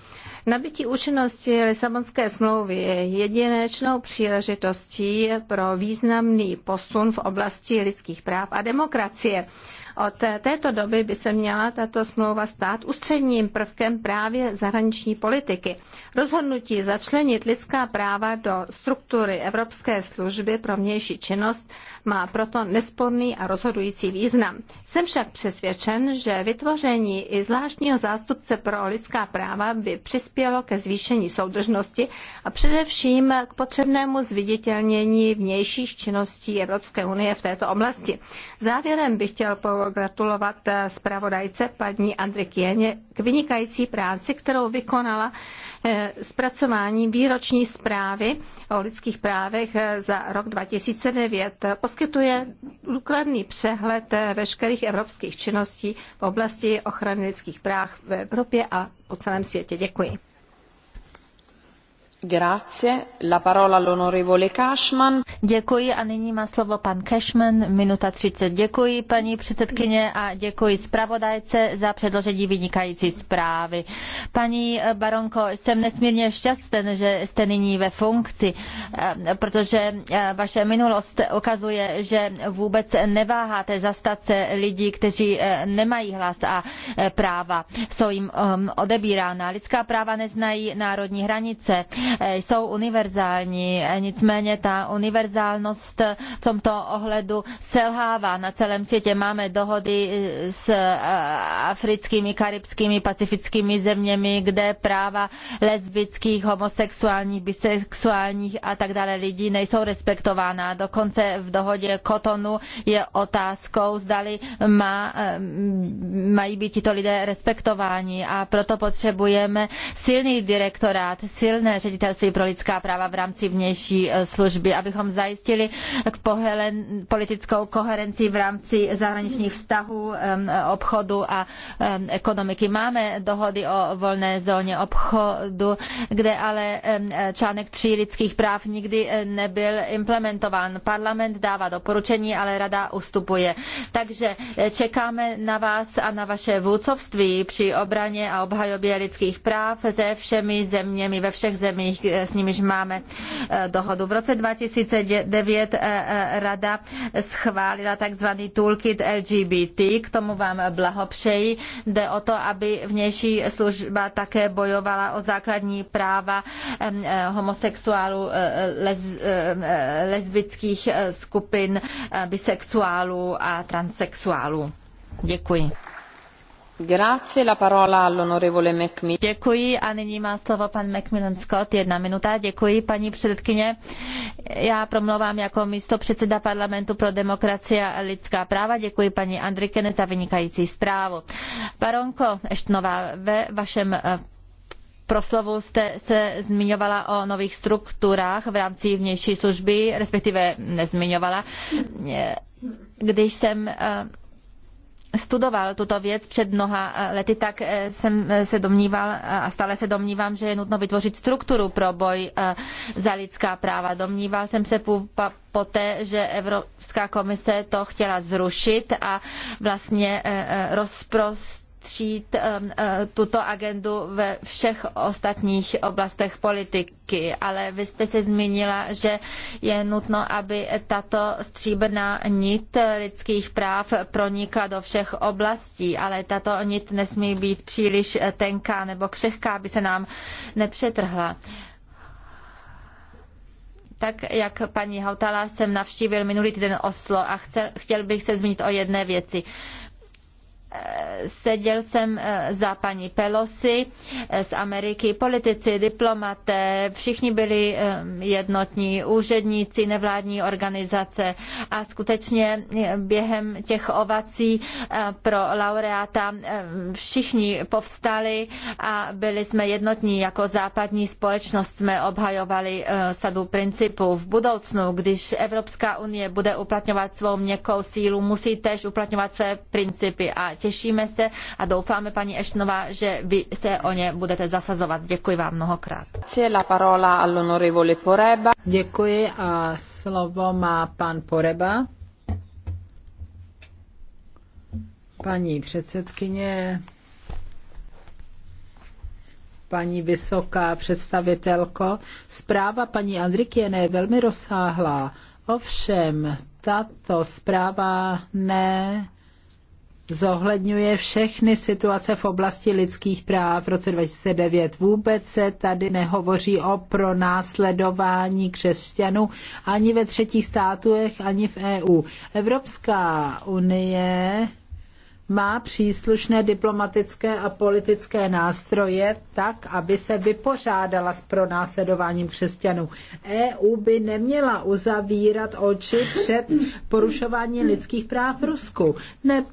Nabití účinnosti Lisabonské smlouvy je jedinečnou příležitostí pro významný posun v oblasti lidských práv a demokracie. Od této doby by se měla tato smlouva stát ústředním prvkem právě zahraniční politiky. Rozhodnutí začlenit lidská práva do struktury Evropské služby pro vnější činnost má proto nesporný a rozhodující význam. Jsem však přesvědčen, že vytvoření i zvláštního zástupce pro lidská práva by přispělo ke zvýšení soudržnosti a především k potřebnému zviditelnění vnějších činností Evropské unie v této oblasti. Závěrem bych chtěl pogratulovat eh, zpravodajce paní Andrikieně k vynikající práci, kterou vykonala eh, zpracování výroční zprávy o lidských právech eh, za rok 2009. Poskytuje důkladný přehled veškerých evropských činností v oblasti ochrany lidských práv v Evropě a po celém světě. Děkuji. Děkuji a nyní má slovo pan Cashman, minuta 30. Děkuji paní předsedkyně a děkuji zpravodajce za předložení vynikající zprávy. Paní Baronko, jsem nesmírně šťastný, že jste nyní ve funkci, eh, protože eh, vaše minulost ukazuje, že vůbec neváháte zastat se lidí, kteří eh, nemají hlas a práva jsou jim ehm, odebírána. Lidská práva neznají národní hranice Eh, jsou univerzální. Eh, nicméně ta univerzálnost v tomto ohledu selhává. Na celém světě máme dohody eh, s africkými, karibskými, pacifickými zeměmi, kde práva lesbických, homosexuálních, bisexuálních a tak dále lidí nejsou respektována. Dokonce v dohodě Kotonu je otázkou, zdali má, mají být tito lidé respektováni a proto potřebujeme silný direktorát, silné ředitelství ředitelství pro lidská práva v rámci vnější e, služby, abychom zajistili politickou koherenci v rámci zahraničních vztahů, obchodu a ekonomiky. Máme dohody o volné zóně obchodu, kde ale článek 3 lidských práv nikdy e, nebyl implementován. Parlament dává doporučení, ale rada ustupuje. Takže e, čekáme na vás a na vaše vůdcovství při obraně a obhajobě lidských práv se všemi zeměmi, ve všech zemích nich, eh, s nimiž máme eh, dohodu. V roce 2009 eh, Rada schválila tzv. toolkit LGBT, k tomu vám blahopřeji. Jde o to, aby vnější služba také bojovala o základní práva homosexuálů, les, lesbických skupin, bisexuálů a transsexuálů. Děkuji. Děkuji a nyní má slovo pan Macmillan Scott. Jedna minuta. Děkuji, paní předsedkyně. Já promluvám jako místo předseda parlamentu pro demokracie a lidská práva. Děkuji paní Andrikene za vynikající zprávu. Baronko Eštnová, ve vašem eh, proslovu jste se zmiňovala o nových strukturách v rámci vnější služby, respektive nezmiňovala. Když jsem eh, studoval tuto věc před mnoha eh, lety, tak eh, jsem eh, se domníval a stále se domnívám, že je nutno vytvořit strukturu pro boj za lidská práva. Domníval jsem se poté, že Evropská komise to chtěla zrušit a vlastně rozprost přijít eh, eh, tuto agendu ve všech ostatních oblastech politiky, ale vy jste se zmínila, že je nutno, aby tato stříbrná nit lidských práv pronikla do všech oblastí, ale tato nit nesmí být příliš tenká nebo křehká, aby se nám nepřetrhla tak jak paní Hautala jsem navštívil minulý týden Oslo a chcel, chtěl bych se zmínit o jedné věci seděl jsem eh, za paní Pelosi eh, z Ameriky. Politici, diplomaté, všichni byli eh, jednotní, úředníci, nevládní organizace a skutečně během těch ovací pro laureáta všichni povstali a byli jsme jednotní jako západní společnost. Jsme obhajovali sadu principů. V budoucnu, když Evropská unie bude uplatňovat svou měkkou sílu, musí tež uplatňovat své principy a těšíme se a doufáme, paní Eštnová, že vy se o ně budete zasazovat. Děkuji vám mnohokrát. Děkuji a slovo má pan Poreba. Paní předsedkyně, paní vysoká představitelko, zpráva paní Andrikiene je velmi rozsáhlá. Ovšem, tato zpráva ne zohledňuje všechny situace v oblasti lidských práv v roce 2009. Vůbec se tady nehovoří o pronásledování křesťanů ani ve třetích státech, ani v EU. Evropská unie má příslušné diplomatické a politické nástroje tak, aby se vypořádala s pronásledováním křesťanů. EU by neměla uzavírat oči před porušováním lidských práv v Rusku. Ne,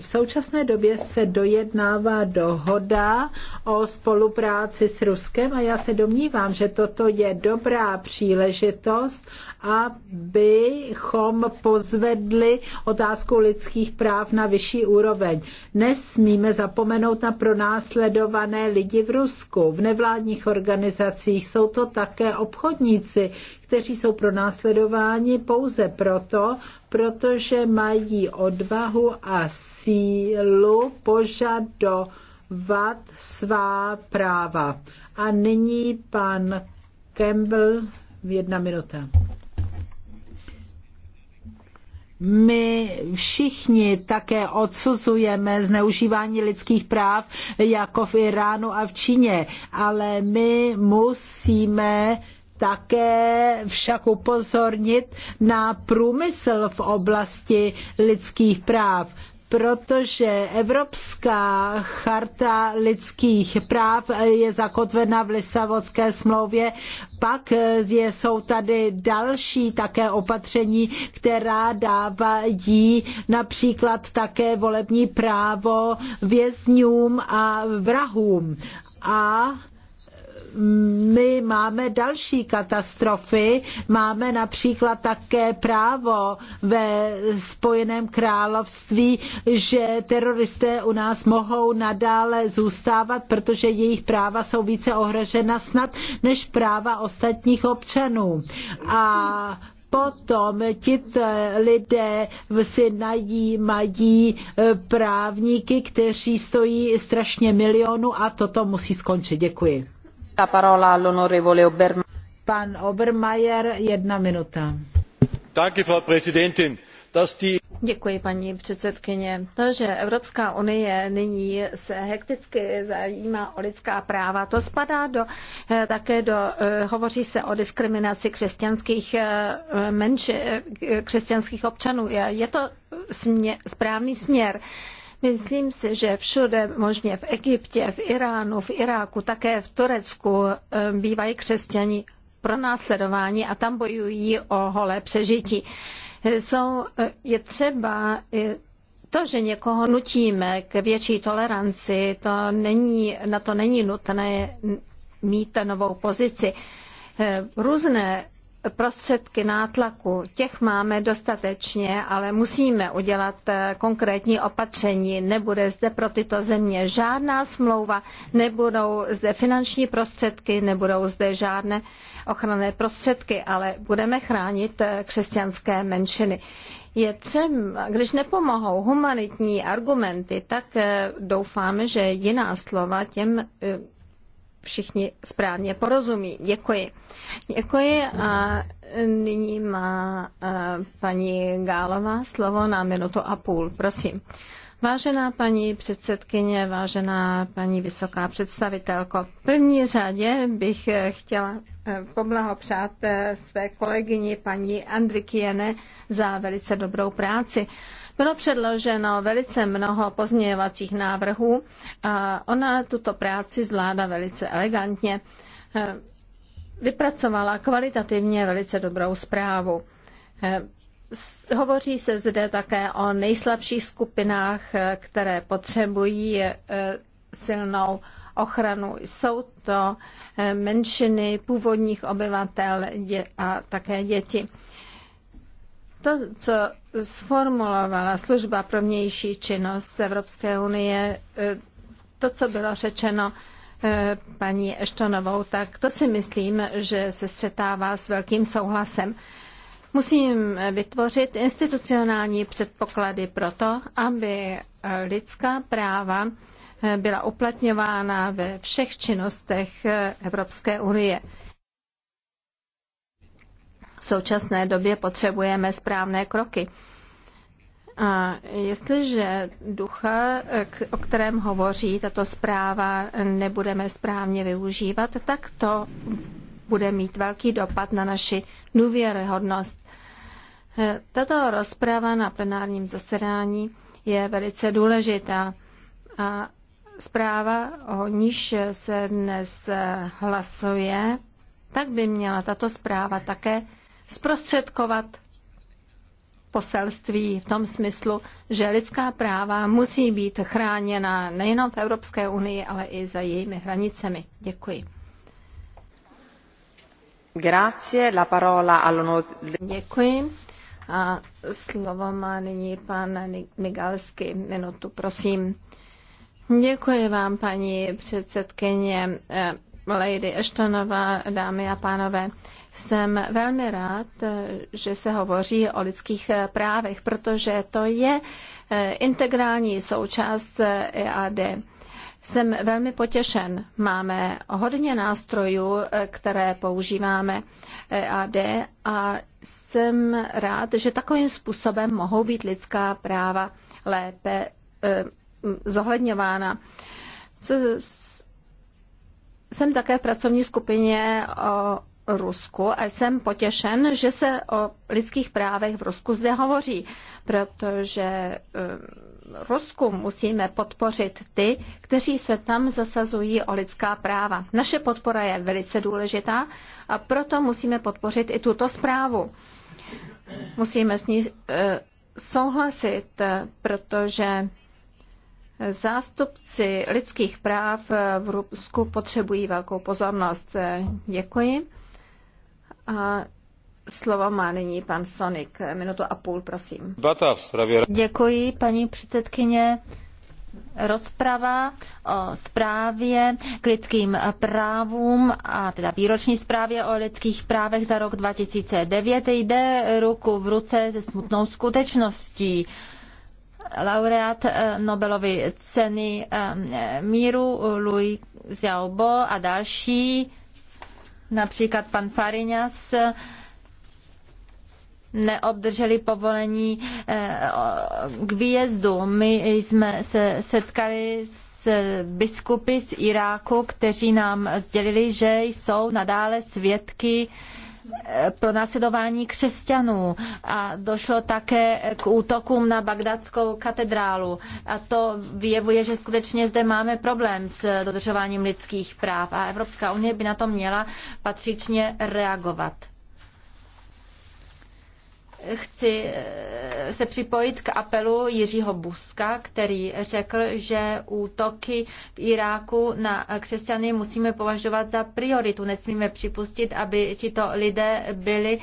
v současné době se dojednává dohoda o spolupráci s Ruskem a já se domnívám, že toto je dobrá příležitost, abychom pozvedli otázku lidských práv na vyšší úroveň. Nesmíme zapomenout na pronásledované lidi v Rusku, v nevládních organizacích. Jsou to také obchodníci, kteří jsou pronásledováni pouze proto, protože mají odvahu a sílu požadovat svá práva. A nyní pan Campbell, jedna minuta. My všichni také odsuzujeme zneužívání lidských práv jako v Iránu a v Číně, ale my musíme také však upozornit na průmysl v oblasti lidských práv protože Evropská charta lidských práv je zakotvena v Lisabonské smlouvě, pak je, jsou tady další také opatření, která dávají například také volební právo vězňům a vrahům. A my máme další katastrofy, máme například také právo ve Spojeném království, že teroristé u nás mohou nadále zůstávat, protože jejich práva jsou více ohrožena snad než práva ostatních občanů. A potom tito lidé si najímají eh, právníky, kteří stojí strašně milionu a toto musí skončit. Děkuji jedna Frau Präsidentin. Děkuji, paní předsedkyně. To, že Evropská unie nyní se hekticky zajímá o lidská práva, to spadá eh, také do, eh, hovoří se o diskriminaci křesťanských eh, křesťanských občanů. Je to správný směr. Myslím si, že všude možně v Egyptě, v Iránu, v Iráku, také v Turecku eh, bývají křesťani pronásledováni a tam bojují o holé přežití. Jsou, eh, je třeba eh, to, že někoho nutíme k větší toleranci, to není, na to není nutné mít novou pozici. Různé prostředky nátlaku, těch máme dostatečně, ale musíme udělat eh, konkrétní opatření. Nebude zde pro tyto země žádná smlouva, nebudou zde finanční prostředky, nebudou zde žádné ochranné prostředky, ale budeme chránit eh, křesťanské menšiny. Je třeba, když nepomohou humanitní argumenty, tak eh, doufáme, že jiná slova těm všichni správně porozumí. Děkuji. Děkuji a nyní má eh, paní Gálová slovo na minutu a půl. Prosím. Vážená paní předsedkyně, vážená paní vysoká představitelko, v první řadě bych eh, chtěla eh, poblahopřát své kolegyni paní Andrikiene za velice dobrou práci. Bylo předloženo velice mnoho pozměňovacích návrhů a ona tuto práci zvládá velice elegantně. Eh, vypracovala kvalitativně velice dobrou zprávu. Eh, hovoří se zde také o nejslabších skupinách, eh, které potřebují silnou ochranu. Jsou to menšiny původních obyvatel a také děti. To, co sformulovala služba pro vnější činnost Evropské unie, e, to, co bylo řečeno e, paní Eštonovou, tak to si myslím, že se střetává s velkým souhlasem. Musím vytvořit institucionální předpoklady pro to, aby lidská práva e, byla uplatňována ve všech činnostech Evropské unie. V současné době potřebujeme správné kroky. A jestliže ducha, o kterém hovoří tato zpráva, nebudeme správně využívat, tak to bude mít velký dopad na naši důvěryhodnost. Tato rozprava na plenárním zasedání je velice důležitá a zpráva, o níž se dnes hlasuje, tak by měla tato zpráva také zprostředkovat poselství v tom smyslu, že lidská práva musí být chráněna nejenom v Evropské unii, ale i za jejími hranicemi. Děkuji. Grazie, la parola all'onore. Děkuji. A slovo má nyní pan Migalsky. Minutu, prosím. Děkuji vám, paní předsedkyně eh, Lady Eštonová, dámy a pánové. Jsem velmi rád, že se hovoří o lidských právech, protože to je eh, integrální součást EAD. Eh, e jsem velmi potěšen. Máme hodně nástrojů, eh, které používáme EAD a jsem rád, že takovým způsobem mohou být lidská práva lépe zohledňována. jsem také v pracovní skupině o Rusku a jsem potěšen, že se o lidských právech v Rusku zde hovoří, protože eh, Rusku musíme podpořit ty, kteří se tam zasazují o lidská práva. Naše podpora je velice důležitá a proto musíme podpořit i tuto zprávu. Musíme s ní eh, souhlasit, eh, protože zástupci lidských práv v Rusku potřebují velkou pozornost. Děkuji. A slovo má nyní pan Sonik. Minutu a půl, prosím. Děkuji, paní předsedkyně rozprava o zprávě k lidským právům a teda výroční zprávě o lidských právech za rok 2009 jde ruku v ruce se smutnou skutečností. Laureát eh, Nobelovy ceny eh, míru Louis Xiaobo a další například pan Fariňas, eh, neobdrželi povolení eh, k výjezdu. My jsme se setkali s biskupy z Iráku, kteří nám sdělili, že jsou nadále svědky pronásledování křesťanů a došlo také k útokům na bagdadskou katedrálu. A to vyjevuje, že skutečně zde máme problém s dodržováním lidských práv a Evropská unie by na to měla patřičně reagovat chci eh, se připojit k apelu Jiřího Buska, který řekl, že útoky v Iráku na křesťany musíme považovat za prioritu. Nesmíme připustit, aby tito lidé byli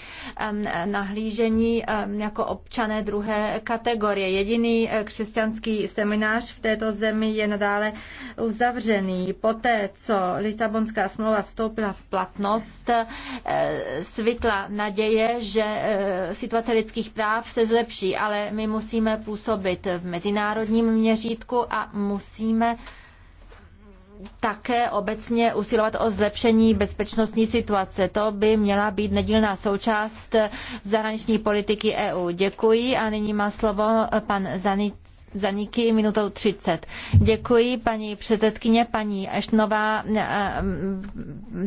nahlížení jako občané druhé kategorie. Jediný eh, křesťanský seminář v této zemi je nadále uzavřený. Poté, co Lisabonská smlouva vstoupila v platnost, eh, svitla naděje, že situace lidských práv se zlepší, ale my musíme působit v mezinárodním měřítku a musíme také obecně usilovat o zlepšení bezpečnostní situace. To by měla být nedílná součást zahraniční politiky EU. Děkuji a nyní má slovo pan Zanit zaniky minutou 30. Děkuji paní předsedkyně, paní Eštnová, eh, eh,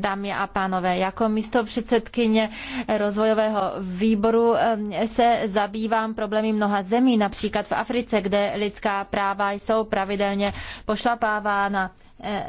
dámy a pánové. Jako místo předsedkyně rozvojového výboru eh, se zabývám problémy mnoha zemí, například v Africe, kde lidská práva jsou pravidelně pošlapávána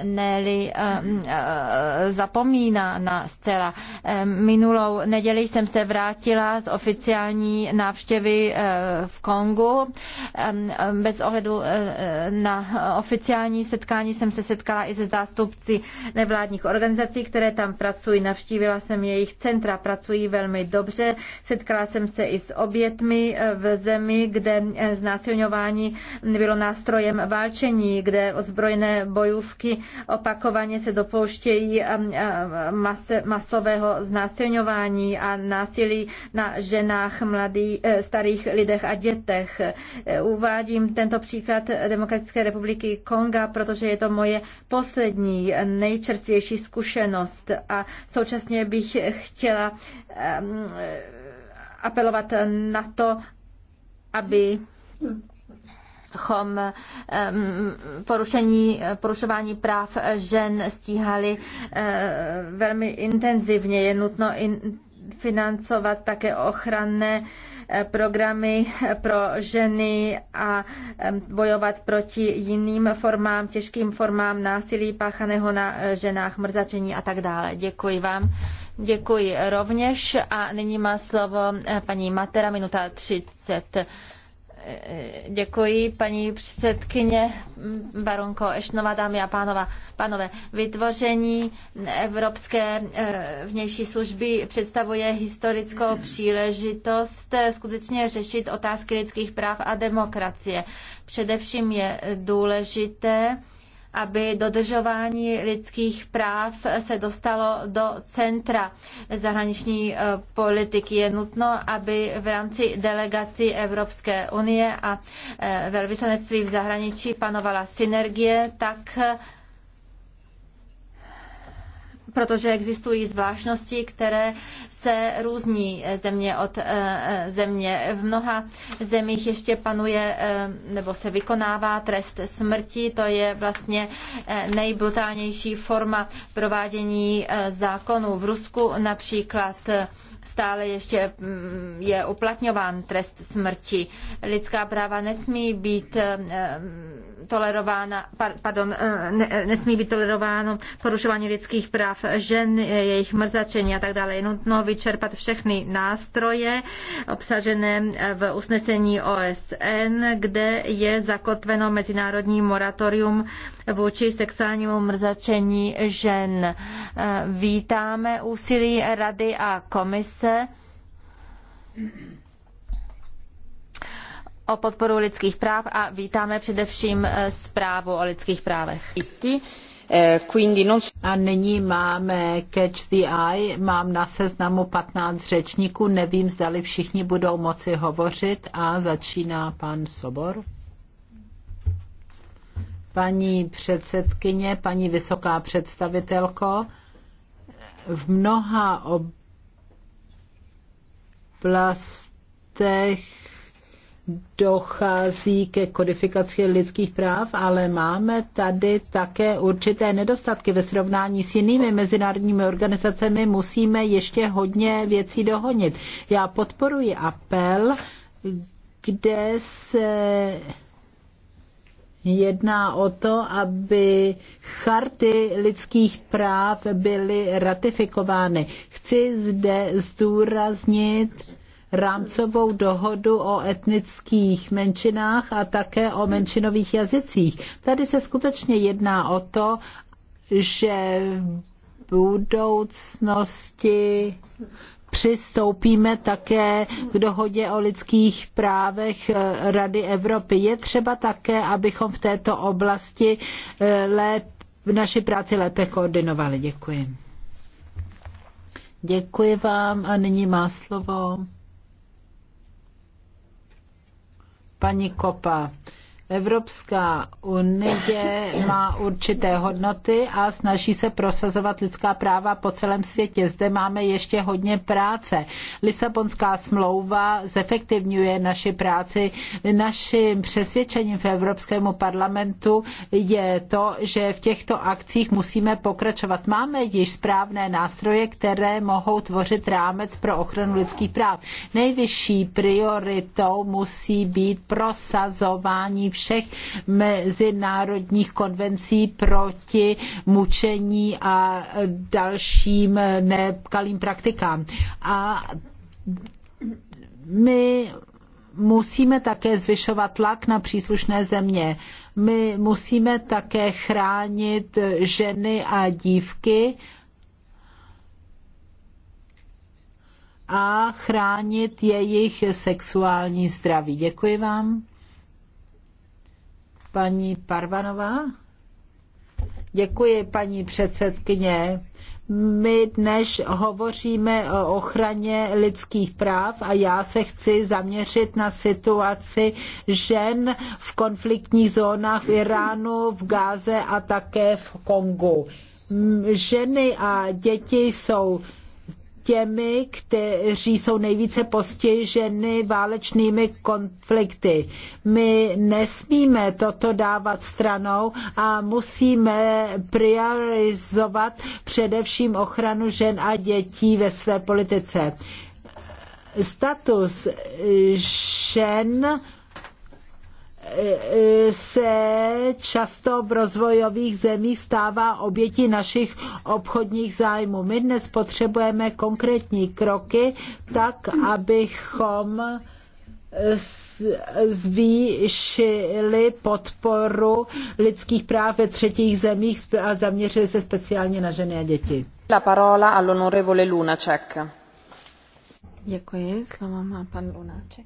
neli ehm, eh, zapomíná na zcela. Ehm, minulou neděli jsem se vrátila z oficiální návštěvy eh, v Kongu. Ehm, bez ohledu eh, na oficiální setkání jsem se setkala i se zástupci nevládních organizací, které tam pracují. Navštívila jsem jejich centra, pracují velmi dobře. Setkala jsem se i s obětmi v zemi, kde znásilňování bylo nástrojem válčení, kde ozbrojené bojůvky dívky opakovaně se dopouštějí eh, eh, masového znásilňování a násilí na ženách, mladých, eh, starých lidech a dětech. Uvádím tento příklad Demokratické republiky Konga, protože je to moje poslední, nejčerstvější zkušenost a současně bych chtěla apelovat na to, aby abychom porušení, porušování práv žen stíhali eh, velmi intenzivně. Je nutno financovat také ochranné eh, programy pro ženy a bojovat proti jiným formám, těžkým formám násilí páchaného na eh, ženách, mrzačení a tak dále. Děkuji vám. Děkuji rovněž a nyní má slovo paní Matera, minuta 30. Děkuji, paní předsedkyně Baronko Ešnova, dámy a pánova, pánové. Vytvoření Evropské eh, vnější služby představuje historickou příležitost eh, skutečně řešit otázky lidských práv a demokracie. Především je důležité, aby dodržování lidských práv se dostalo do centra zahraniční e, politiky. Je nutno, aby v rámci delegací Evropské unie a e, velvyslanectví v zahraničí panovala synergie tak, protože existují zvláštnosti, které se různí země od eh, eh, země. V mnoha zemích ještě panuje eh, nebo se vykonává trest smrti. To je vlastně nejbrutálnější forma provádění zákonů. V Rusku například stále ještě mm, je uplatňován trest smrti. Lidská práva nesmí být tolerována, pardon, eh, ne, nesmí být tolerováno porušování lidských práv žen, jejich mrzačení a tak dále. Je nutno vyčerpat všechny nástroje obsažené v usnesení OSN, kde je zakotveno mezinárodní moratorium vůči sexuálnímu mrzačení žen. Eh, vítáme úsilí Rady a komise o podporu lidských práv a vítáme především eh, zprávu o lidských právech. Eh, a nyní máme Catch the Eye, mám na seznamu 15 řečníků, nevím, zdali všichni budou moci hovořit a začíná pan Sobor. Paní předsedkyně, paní vysoká představitelko, v mnoha oblastech dochází ke kodifikaci lidských práv, ale máme tady také určité nedostatky ve srovnání s jinými mezinárodními organizacemi. Musíme ještě hodně věcí dohonit. Já podporuji apel, kde se jedná o to, aby charty lidských práv byly ratifikovány. Chci zde zdůraznit, rámcovou dohodu o etnických menšinách a také o menšinových jazycích. Tady se skutečně jedná o to, že v budoucnosti přistoupíme také k dohodě o lidských právech Rady Evropy. Je třeba také, abychom v této oblasti eh, lép, naši práci lépe koordinovali. Děkuji. Děkuji vám a nyní má slovo Paní Kopa, Evropská unie má určité hodnoty a snaží se prosazovat lidská práva po celém světě. Zde máme ještě hodně práce. Lisabonská smlouva zefektivňuje naši práci. Naším přesvědčením v Evropskému parlamentu je to, že v těchto akcích musíme pokračovat. Máme již správné nástroje, které mohou tvořit rámec pro ochranu lidských práv. Nejvyšší prioritou musí být prosazování všech mezinárodních konvencí proti mučení a dalším nekalým praktikám. A my musíme také zvyšovat tlak na příslušné země. My musíme také chránit ženy a dívky a chránit jejich sexuální zdraví. Děkuji vám. Paní Parvanová? Děkuji, paní předsedkyně. My dnes hovoříme o ochraně lidských práv a já se chci zaměřit na situaci žen v konfliktních zónách v Iránu, v Gáze a také v Kongu ženy a děti jsou těmi, kteří jsou nejvíce postiženy válečnými konflikty. My nesmíme toto dávat stranou a musíme priorizovat především ochranu žen a dětí ve své politice. Status žen se často v rozvojových zemích stává obětí našich obchodních zájmů. My dnes potřebujeme konkrétní kroky, tak abychom zvýšili podporu lidských práv ve třetích zemích a zaměřili se speciálně na ženy a děti. La parola all'onorevole Lunacek. Děkuji, slovo má pan Lunacek.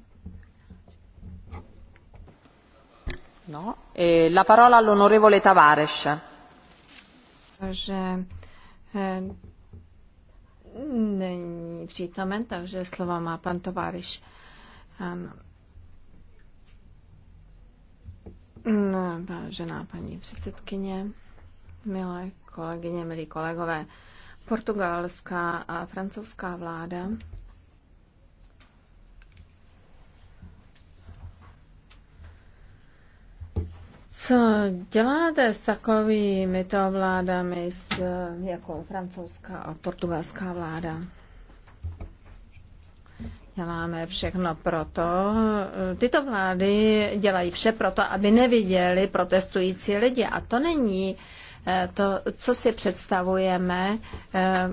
No. E, la parola Tavares. Že e, není přítomen, takže slova má pan Tavares. No, vážená paní předsedkyně, milé kolegyně, milí kolegové, portugalská a francouzská vláda Co děláte s takovými to vládami, s, jako francouzská a portugalská vláda? Děláme všechno proto. Tyto vlády dělají vše proto, aby neviděli protestující lidi. A to není eh, to, co si představujeme eh,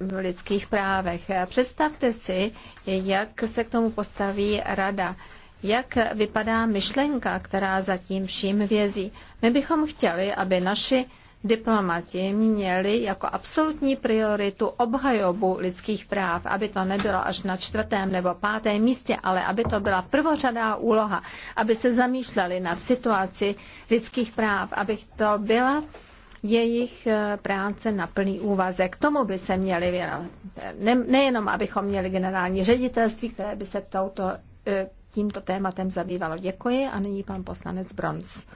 v lidských právech. Představte si, jak se k tomu postaví rada jak vypadá myšlenka, která zatím vším vězí. My bychom chtěli, aby naši diplomati měli jako absolutní prioritu obhajobu lidských práv, aby to nebylo až na čtvrtém nebo pátém místě, ale aby to byla prvořadá úloha, aby se zamýšleli nad situaci lidských práv, aby to byla jejich eh, práce na plný úvazek. Tomu by se měli věnovat. Ne, nejenom, abychom měli generální ředitelství, které by se touto eh, tímto tématem zabývalo. Děkuji a nyní pan poslanec Bronz.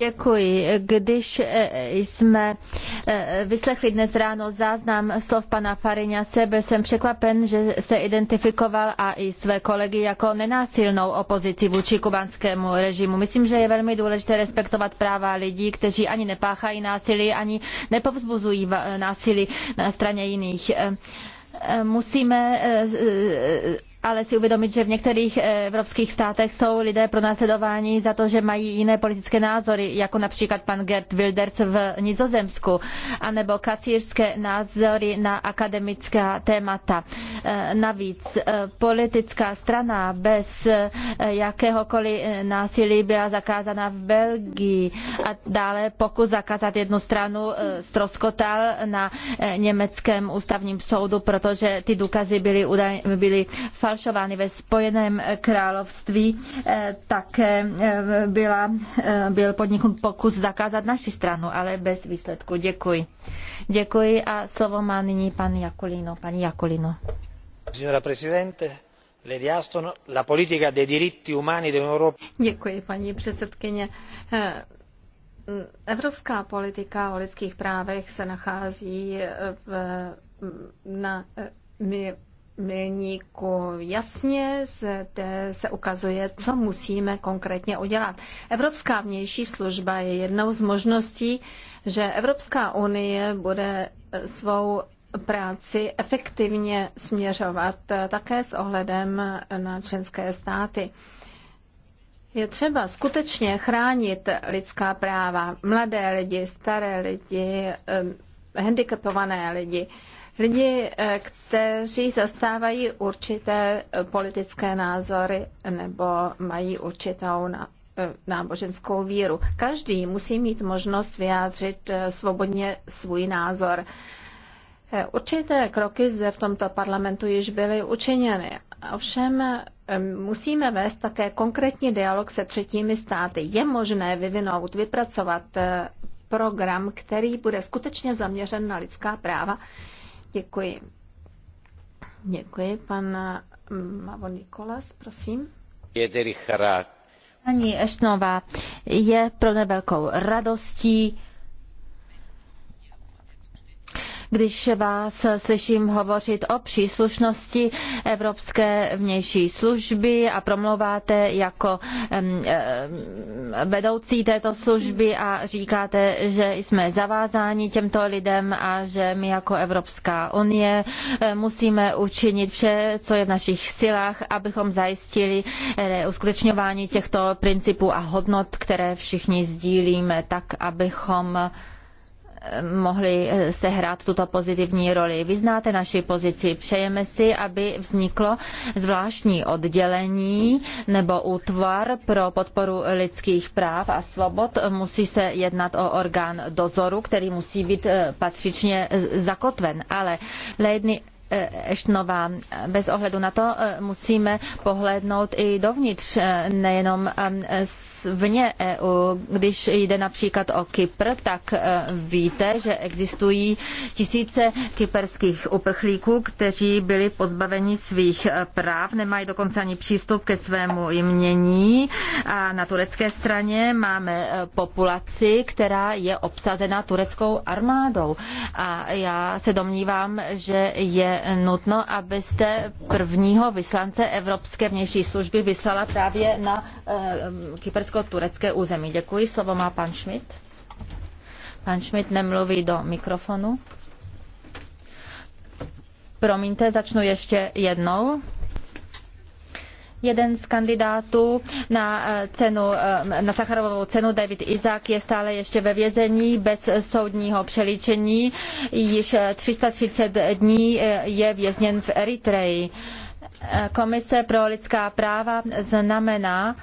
Děkuji. Když eh, jsme eh, vyslechli dnes ráno záznam slov pana Fariňase, byl jsem překvapen, že se identifikoval a i své kolegy jako nenásilnou opozici vůči kubánskému režimu. Myslím, že je velmi důležité respektovat práva lidí, kteří ani nepáchají násilí, ani nepovzbuzují násilí na straně jiných eh, musíme ale si uvědomit, že v některých eh, evropských státech jsou lidé pronásledováni za to, že mají jiné politické názory, jako například pan Gert Wilders v Nizozemsku, anebo kacířské názory na akademická témata. Eh, navíc eh, politická strana bez jakéhokoliv násilí byla zakázána v Belgii a dále pokus zakázat jednu stranu stroskotal na německém ústavním soudu, protože ty důkazy byly, údaj, byly fa- falšovány ve Spojeném království, eh, také eh, byla, eh, byl podniknut pokus zakázat naši stranu, ale bez výsledku. Děkuji. Děkuji a slovo má nyní pan Jakolino. Paní Jakolino. Signora Presidente, Lady Aston, la politica dei diritti umani dell'Europa. Děkuji, paní předsedkyně. Evropská politika o lidských právech se nachází v, na milníku. Jasně zde se ukazuje, co musíme konkrétně udělat. Evropská vnější služba je jednou z možností, že Evropská unie bude svou práci efektivně směřovat také s ohledem na členské státy. Je třeba skutečně chránit lidská práva, mladé lidi, staré lidi, eh, handicapované lidi lidi, eh, kteří zastávají určité eh, politické názory nebo mají určitou eh, náboženskou víru. Každý musí mít možnost vyjádřit svobodně svůj názor. Určité kroky zde v tomto parlamentu již byly učiněny. Ovšem musíme vést také konkrétní dialog se třetími státy. Je možné vyvinout, vypracovat program, který bude skutečně zaměřen na lidská práva Děkuji. Děkuji, pan mm, Mavo Nikolas, prosím. Jederi Charát. Pani Eštnová, je pro mě velkou radostí, když vás slyším hovořit o příslušnosti Evropské vnější služby a promlouváte jako vedoucí této služby a říkáte, že jsme zavázáni těmto lidem a že my jako Evropská unie eh, musíme učinit vše, co je v našich silách, abychom zajistili eh, uskutečňování těchto principů a hodnot, které všichni sdílíme, tak abychom mohli eh, sehrát tuto pozitivní roli. Vy znáte naši pozici. Přejeme si, aby vzniklo zvláštní oddělení nebo útvar pro podporu lidských práv a svobod. Musí se jednat o orgán dozoru, který musí být eh, patřičně eh, zakotven. Ale Lady Eštnová. Bez ohledu na to musíme pohlednout i dovnitř, nejenom s vně EU. Když jde například o Kypr, tak e, víte, že existují tisíce kyperských uprchlíků, kteří byli pozbaveni svých e, práv, nemají dokonce ani přístup ke svému jmění. A na turecké straně máme e, populaci, která je obsazena tureckou armádou. A já se domnívám, že je nutno, abyste prvního vyslance Evropské vnější služby vyslala právě na kyperskou řecko-turecké území. Děkuji, slovo má pan Schmidt. Pan Schmidt nemluví do mikrofonu. Promiňte, začnu ještě jednou jeden z kandidátů na eh, cenu, eh, na Sacharovou cenu, David Izák, je stále ještě ve vězení bez soudního přelíčení. Již 330 eh, dní je vězněn v Eritreji. Komise pro lidská práva znamená,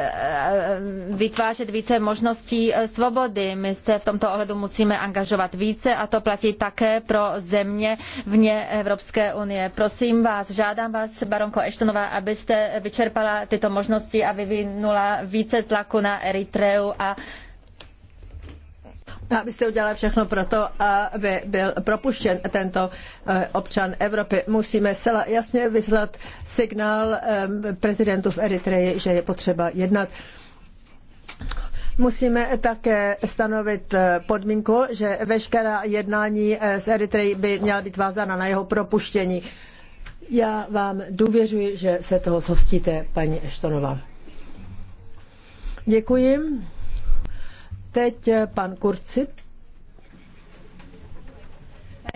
Eh, vytvářet více možností eh, svobody. My se v tomto ohledu musíme angažovat více a to platí také pro země vně Evropské unie. Prosím vás, žádám vás, baronko Eštonová, abyste vyčerpala tyto možnosti a vyvinula více tlaku na Eritreu a abyste udělala všechno pro to, aby byl propuštěn tento eh, občan Evropy. Musíme zcela jasně vyslat signál eh, prezidentu v Eritreji, že je potřeba jednat. Musíme také stanovit eh, podmínku, že veškerá jednání s Eritreji by měla být vázána na jeho propuštění. Já vám důvěřuji, že se toho zhostíte, paní Eštonová. Děkuji. Teď eh, pan Kurci.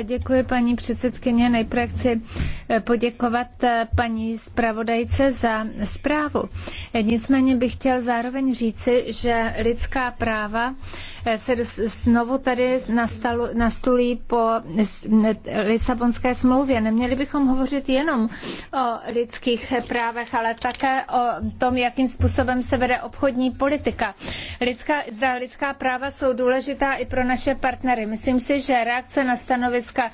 Děkuji, paní předsedkyně. Nejprve chci eh, poděkovat eh, paní zpravodajce za zprávu. Nicméně bych chtěl zároveň říci, že lidská práva Eh, se znovu tady nastolí po Lisabonské smlouvě. Neměli bychom hovořit jenom o lidských právech, ale také o tom, jakým způsobem se vede obchodní politika. Lidská, zda lidská práva jsou důležitá i pro naše partnery. Myslím si, že reakce na stanoviska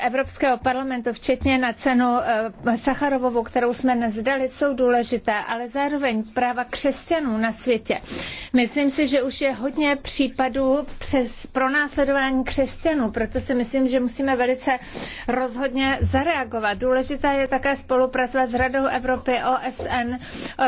Evropského parlamentu, včetně na cenu eh, Sacharovovu, kterou jsme nezdali, jsou důležité, ale zároveň práva křesťanů na světě. Myslím si, že už je je hodně případů přes pronásledování křesťanů, proto si myslím, že musíme velice rozhodně zareagovat. Důležitá je také spolupracovat s Radou Evropy, OSN,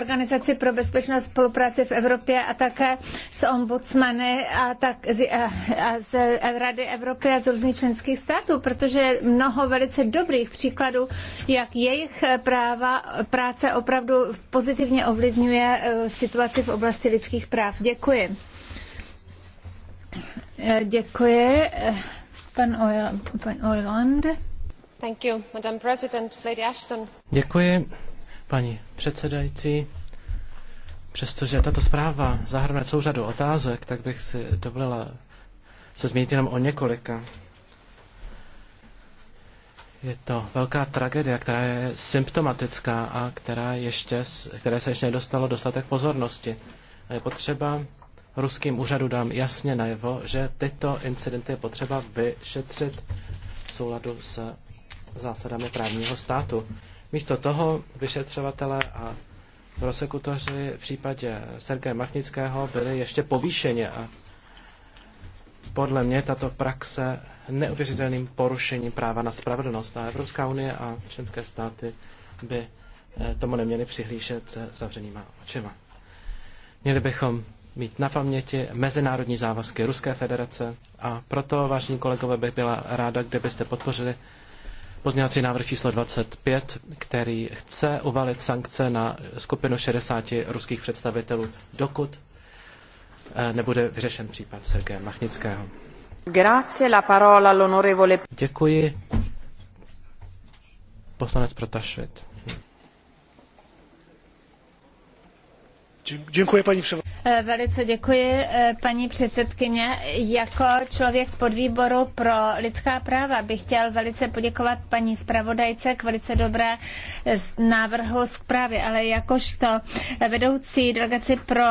Organizací pro bezpečnost spolupráci v Evropě a také s ombudsmany a, tak, a, a z Rady Evropy a z různých členských států, protože je mnoho velice dobrých příkladů, jak jejich práva, práce opravdu pozitivně ovlivňuje eh, situaci v oblasti lidských práv. Děkuji. Eh, děkuji. Eh, pan Oiland. Thank you, Madam President, Lady Ashton. Děkuji, paní předsedající. Přestože tato zpráva zahrnuje celou řadu otázek, tak bych si dovolila se zmínit jenom o několika. Je to velká tragédie, která je symptomatická a která ještě, které se ještě nedostalo dostatek pozornosti. Je potřeba ruským úřadu dám jasně najevo, že tyto incidenty je potřeba vyšetřit v souladu s zásadami právního státu. Místo toho vyšetřovatele a prosekutoři v případě Sergeje Machnického byli ještě povýšeně a podle mě tato praxe neuvěřitelným porušením práva na spravedlnost a Evropská unie a členské státy by eh, tomu neměly přihlížet se zavřenýma očima. Měli bychom mít na paměti mezinárodní závazky Ruské federace a proto, vážení kolegové, bych byla ráda, kdybyste podpořili pozměňovací návrh číslo 25, který chce uvalit sankce na skupinu 60 ruských představitelů, dokud eh, nebude vyřešen případ Sergeje Machnického. Grazie la parola l'onorevole. Děkuji. Poslanec Protašvit. Děkuji, paní předsedkyně. Eh, velice děkuji, eh, paní předsedkyně. Jako člověk z podvýboru pro lidská práva bych chtěl velice poděkovat paní zpravodajce k velice dobré eh, návrhu zprávy, ale jakožto vedoucí delegaci pro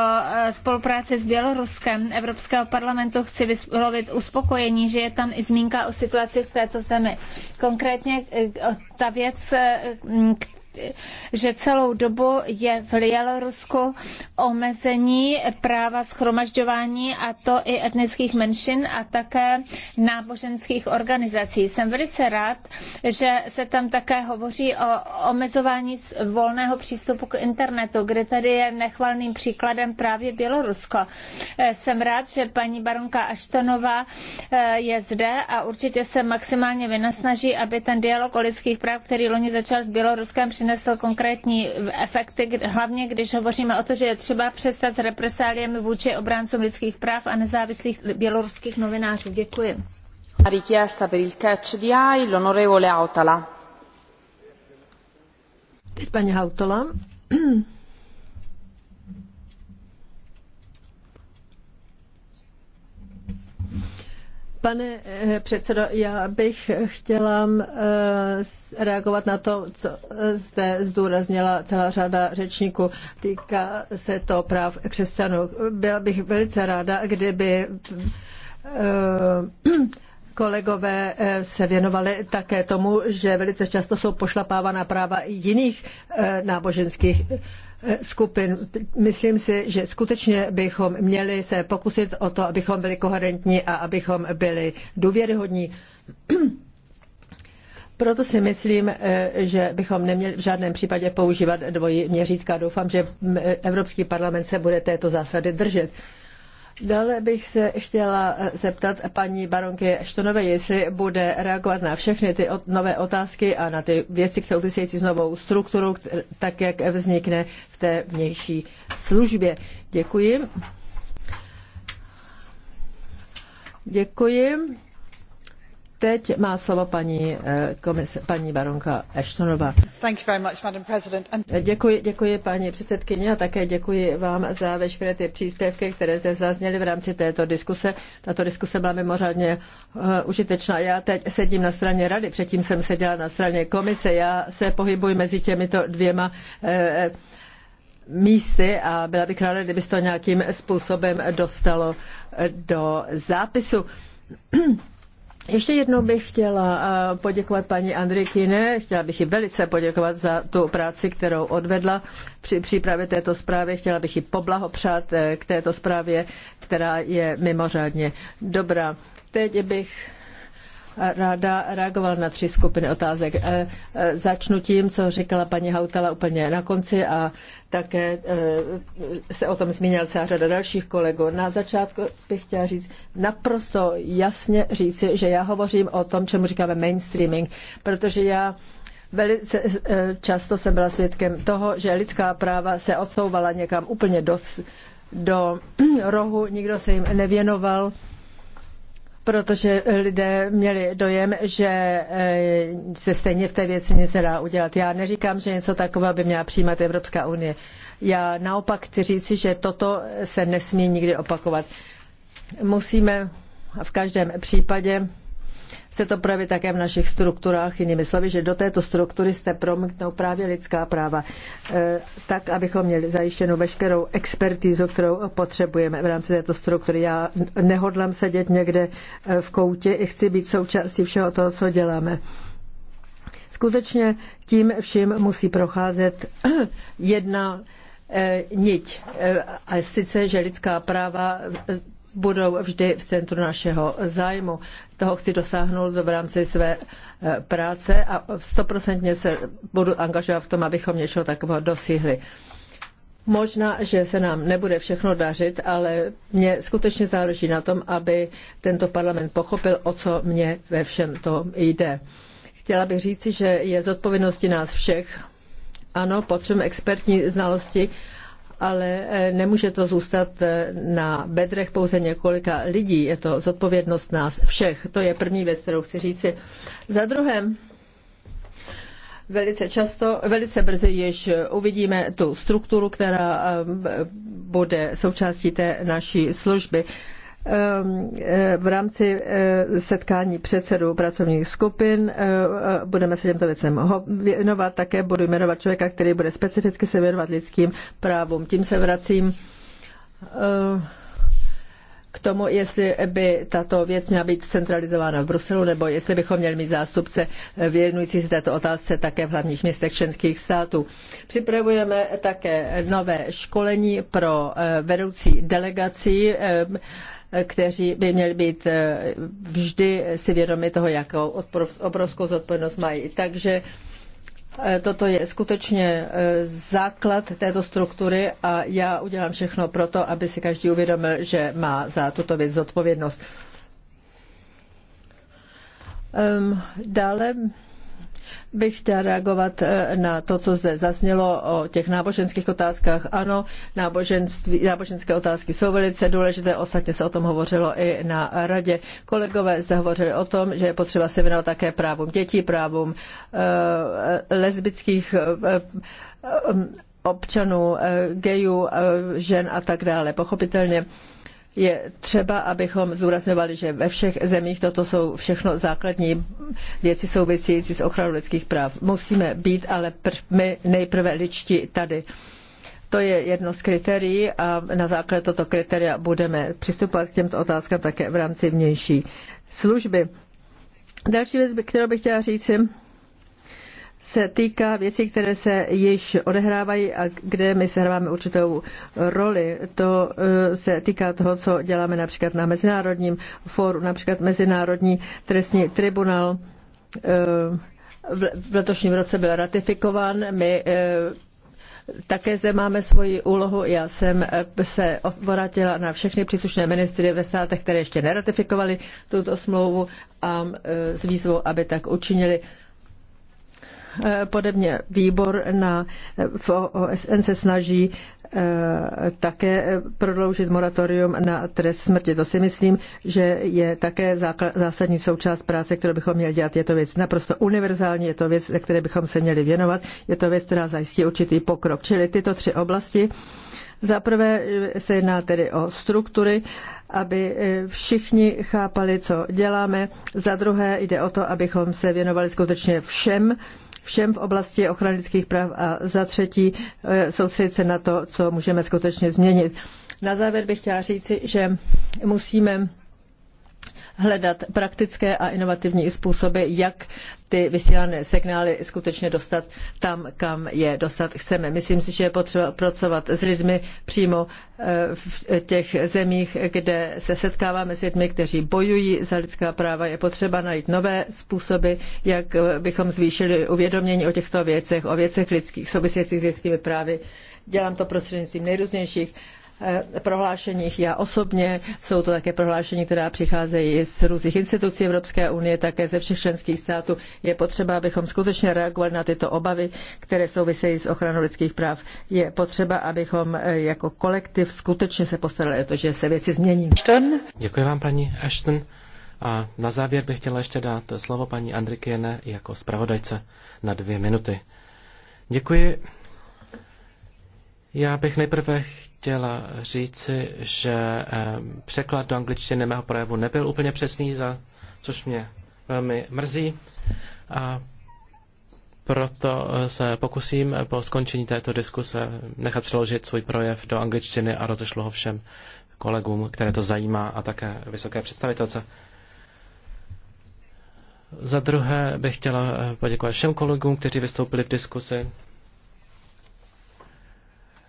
spolupráci s Běloruskem Evropského parlamentu chci vyslovit uspokojení, že je tam i zmínka o situaci v této zemi. Konkrétně ta věc, že celou dobu je v Bělorusku omezení práva schromažďování a to i etnických menšin a také náboženských organizací. Jsem velice rád, že se tam také hovoří o omezování volného přístupu k internetu, kde tady je nechvalným příkladem právě Bělorusko. Eh, jsem rád, že paní baronka Aštonová eh, je zde a určitě se maximálně vynasnaží, aby ten dialog o lidských práv, který loni začal s Běloruskem, přinesl přinesl konkrétní efekty, hlavně když hovoříme o to, že je třeba přestat s represáliemi vůči obráncům lidských práv a nezávislých běloruských novinářů. Děkuji. Richiesta per il catch di AI, l'onorevole Autala. Teď paní Hautala. Pane eh, předsedo, já bych chtěla eh, reagovat na to, co eh, zde zdůraznila celá řada řečníků. Týká se to práv křesťanů. Byla bych velice ráda, kdyby <clears throat> kolegové se věnovali také tomu, že velice často jsou pošlapávána práva i jiných náboženských skupin. Myslím si, že skutečně bychom měli se pokusit o to, abychom byli koherentní a abychom byli důvěryhodní. <clears throat> Proto si myslím, eh, že bychom neměli v žádném případě používat dvojí měřítka. Doufám, že mm, Evropský parlament se bude této zásady držet. Dále bych se chtěla eh, zeptat paní baronky Štonové, jestli bude reagovat na všechny ty nové otázky a na ty věci, které související s novou strukturou, tak jak vznikne v té vnější službě. Děkuji. Děkuji. Teď má slovo paní, eh, komise, paní baronka Děkuji, děkuji paní předsedkyně a také děkuji vám za veškeré ty příspěvky, které zde zazněly v rámci této diskuse. Tato diskuse byla mimořádně uh, užitečná. Já teď sedím na straně rady, předtím jsem seděla na straně komise. Já se pohybuji mezi těmito dvěma uh, místy a byla bych ráda, kdyby se to nějakým způsobem dostalo do zápisu. <clears throat> Ještě jednou bych chtěla eh, poděkovat paní Kine, chtěla bych ji velice poděkovat za tu práci, kterou odvedla při přípravě této zprávy. Chtěla bych ji poblahopřát eh, k této zprávě, která je mimořádně dobrá. Teď bych ráda reagoval na tři skupiny otázek. Eh, eh, začnu tím, co říkala paní Hautala úplně na konci a také eh, se o tom zmínil celá řada dalších kolegů. Na začátku bych chtěla říct naprosto jasně říci, že já hovořím o tom, čemu říkáme mainstreaming, protože já Velice často jsem byla svědkem toho, že lidská práva se odsouvala někam úplně do, do <clears throat> rohu, nikdo se jim nevěnoval protože lidé měli dojem, že eh, se stejně v té věci nic nedá udělat. Já neříkám, že něco takového by měla přijímat Evropská unie. Já naopak chci říci, že toto se nesmí nikdy opakovat. Musíme v každém případě se to projeví také v našich strukturách, jinými slovy, že do této struktury se promítnou právě lidská práva, e, tak, abychom měli zajištěnou veškerou expertízu, kterou potřebujeme v rámci této struktury. Já nehodlám sedět někde e, v koutě, i chci být součástí všeho toho, co děláme. Skutečně tím vším musí procházet <clears throat> jedna e, niť. A sice, že lidská práva budou vždy v centru našeho zájmu. Toho chci dosáhnout v rámci své e, práce a stoprocentně se budu angažovat v tom, abychom něčeho takového dosihli. Možná, že se nám nebude všechno dařit, ale mě skutečně záleží na tom, aby tento parlament pochopil, o co mě ve všem to jde. Chtěla bych říci, že je zodpovědností nás všech. Ano, potřebujeme expertní znalosti, ale eh, nemůže to zůstat eh, na bedrech pouze několika lidí. Je to zodpovědnost nás všech. To je první věc, kterou chci říci. Za druhém, velice často, velice brzy již uvidíme tu strukturu, která eh, bude součástí té naší služby. Ehm, eh, v rámci eh, setkání předsedů pracovních skupin eh, budeme se těmto věcem věnovat. Také budu jmenovat člověka, který bude specificky se věnovat lidským právům. Tím se vracím k tomu, jestli by tato věc měla být centralizována v Bruselu, nebo jestli bychom měli mít zástupce věnující se této otázce také v hlavních městech členských států. Připravujeme také nové školení pro vedoucí delegací kteří by měli být eh, vždy si vědomi toho, jakou obrovskou zodpovědnost mají. Takže eh, Toto je skutečně eh, základ této struktury a já udělám všechno pro to, aby si každý uvědomil, že má za tuto věc zodpovědnost. Ehm, dále bych chtěla reagovat eh, na to, co zde zaznělo o těch náboženských otázkách. Ano, náboženství, náboženské otázky jsou velice důležité, ostatně se o tom hovořilo i na radě. Kolegové zde hovořili o tom, že je potřeba se věnovat také právům dětí, právům eh, lesbických eh, občanů, gejů, žen a tak dále. Pochopitelně je třeba, abychom zdůrazňovali, že ve všech zemích toto jsou všechno základní věci související s ochranou lidských práv. Musíme být ale my nejprve ličtí tady. To je jedno z kritérií a na základě toto kritéria budeme přistupovat k těmto otázkám také v rámci vnější služby. Další věc, kterou bych chtěla říci, se týká věcí, které se již odehrávají a kde my hráváme určitou roli. To eh, se týká toho, co děláme například na Mezinárodním fóru, například Mezinárodní trestní tribunal. Eh, v letošním roce byl ratifikován. My eh, také zde máme svoji úlohu. Já jsem se obratila na všechny příslušné ministry ve státech, které ještě neratifikovali tuto smlouvu a s výzvou, aby tak učinili. Eh, podobně výbor na, eh, v OSN se snaží eh, také prodloužit moratorium na trest smrti. To si myslím, že je také zásadní součást práce, kterou bychom měli dělat. Je to věc naprosto univerzální, je to věc, které bychom se měli věnovat, je to věc, která zajistí určitý pokrok. Čili tyto tři oblasti. Za prvé se jedná tedy o struktury, aby všichni chápali, co děláme. Za druhé jde o to, abychom se věnovali skutečně všem všem v oblasti ochrany lidských práv a za třetí eh, soustředit se na to, co můžeme skutečně změnit. Na závěr bych chtěla říci, že musíme hledat praktické a inovativní způsoby, jak ty vysílané signály skutečně dostat tam, kam je dostat chceme. Myslím si, že je potřeba pracovat s lidmi přímo eh, v těch zemích, kde se setkáváme s lidmi, kteří bojují za lidská práva. Je potřeba najít nové způsoby, jak bychom zvýšili uvědomění o těchto věcech, o věcech lidských, souvisejících s lidskými právy. Dělám to prostřednictvím nejrůznějších Eh, prohlášeních já osobně. Jsou to také prohlášení, která přicházejí z různých institucí Evropské unie, také ze všech členských států. Je potřeba, abychom skutečně reagovali na tyto obavy, které souvisejí s ochranou lidských práv. Je potřeba, abychom eh, jako kolektiv skutečně se postarali o to, že se věci změní. Děkuji vám, paní Ashton. A na závěr bych chtěla ještě dát slovo paní Andrikiene jako zpravodajce na dvě minuty. Děkuji. Já bych nejprve chtěla říci, že překlad do angličtiny mého projevu nebyl úplně přesný, za což mě velmi mrzí. A proto se pokusím po skončení této diskuse nechat přeložit svůj projev do angličtiny a rozešlu ho všem kolegům, které to zajímá a také vysoké představitelce. Za druhé bych chtěla eh, poděkovat všem kolegům, kteří vystoupili v diskusi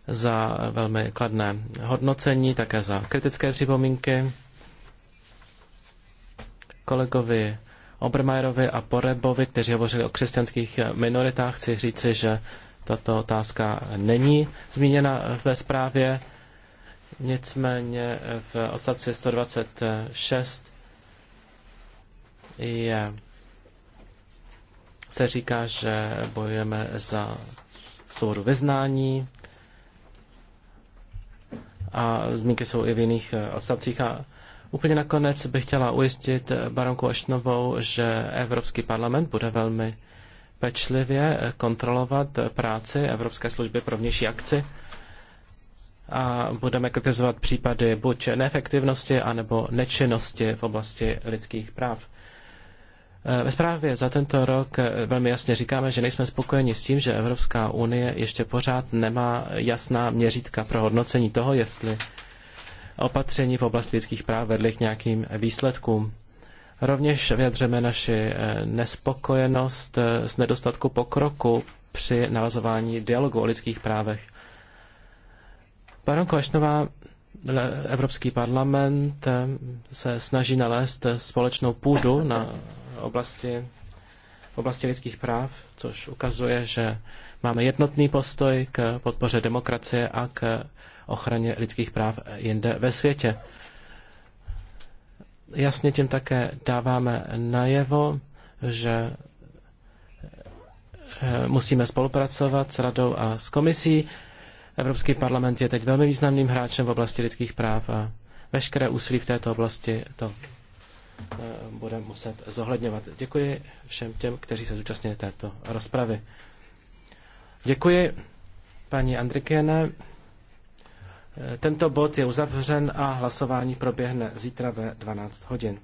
za velmi kladné hodnocení, také za kritické připomínky kolegovi Obermajerovi a Porebovi, kteří hovořili o křesťanských minoritách. Chci říci, že tato otázka není zmíněna ve zprávě. Nicméně v odstavci 126 je, se říká, že bojujeme za svobodu vyznání, a zmínky jsou i v jiných eh, odstavcích. A úplně nakonec bych chtěla ujistit eh, baronku Aštnovou, že Evropský parlament bude velmi pečlivě eh, kontrolovat práci Evropské služby pro vnější akci a budeme kritizovat případy buď neefektivnosti, anebo nečinnosti v oblasti lidských práv. Eh, ve zprávě za tento rok eh, velmi jasně říkáme, že nejsme spokojeni s tím, že Evropská unie ještě pořád nemá jasná měřítka pro hodnocení toho, jestli opatření v oblasti lidských práv vedly k nějakým výsledkům. Rovněž vyjadřujeme naši eh, nespokojenost s nedostatku pokroku při navazování dialogu o lidských právech. Baronko Ašnová, Evropský parlament se snaží nalézt společnou půdu na oblasti, v oblasti lidských práv, což ukazuje, že máme jednotný postoj k podpoře demokracie a k ochraně lidských práv jinde ve světě. Jasně tím také dáváme najevo, že eh, musíme spolupracovat s radou a s komisí. Evropský parlament je teď velmi významným hráčem v oblasti lidských práv a veškeré úsilí v této oblasti to Eh, bude muset zohledňovat. Děkuji všem těm, kteří se zúčastnili této rozpravy. Děkuji paní Andrikéne. Eh, tento bod je uzavřen a hlasování proběhne zítra ve 12 hodin.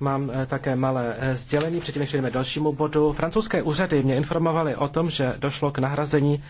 Mám eh, také malé sdělení, předtím než jdeme dalšímu bodu. Francouzské úřady mě informovaly o tom, že došlo k nahrazení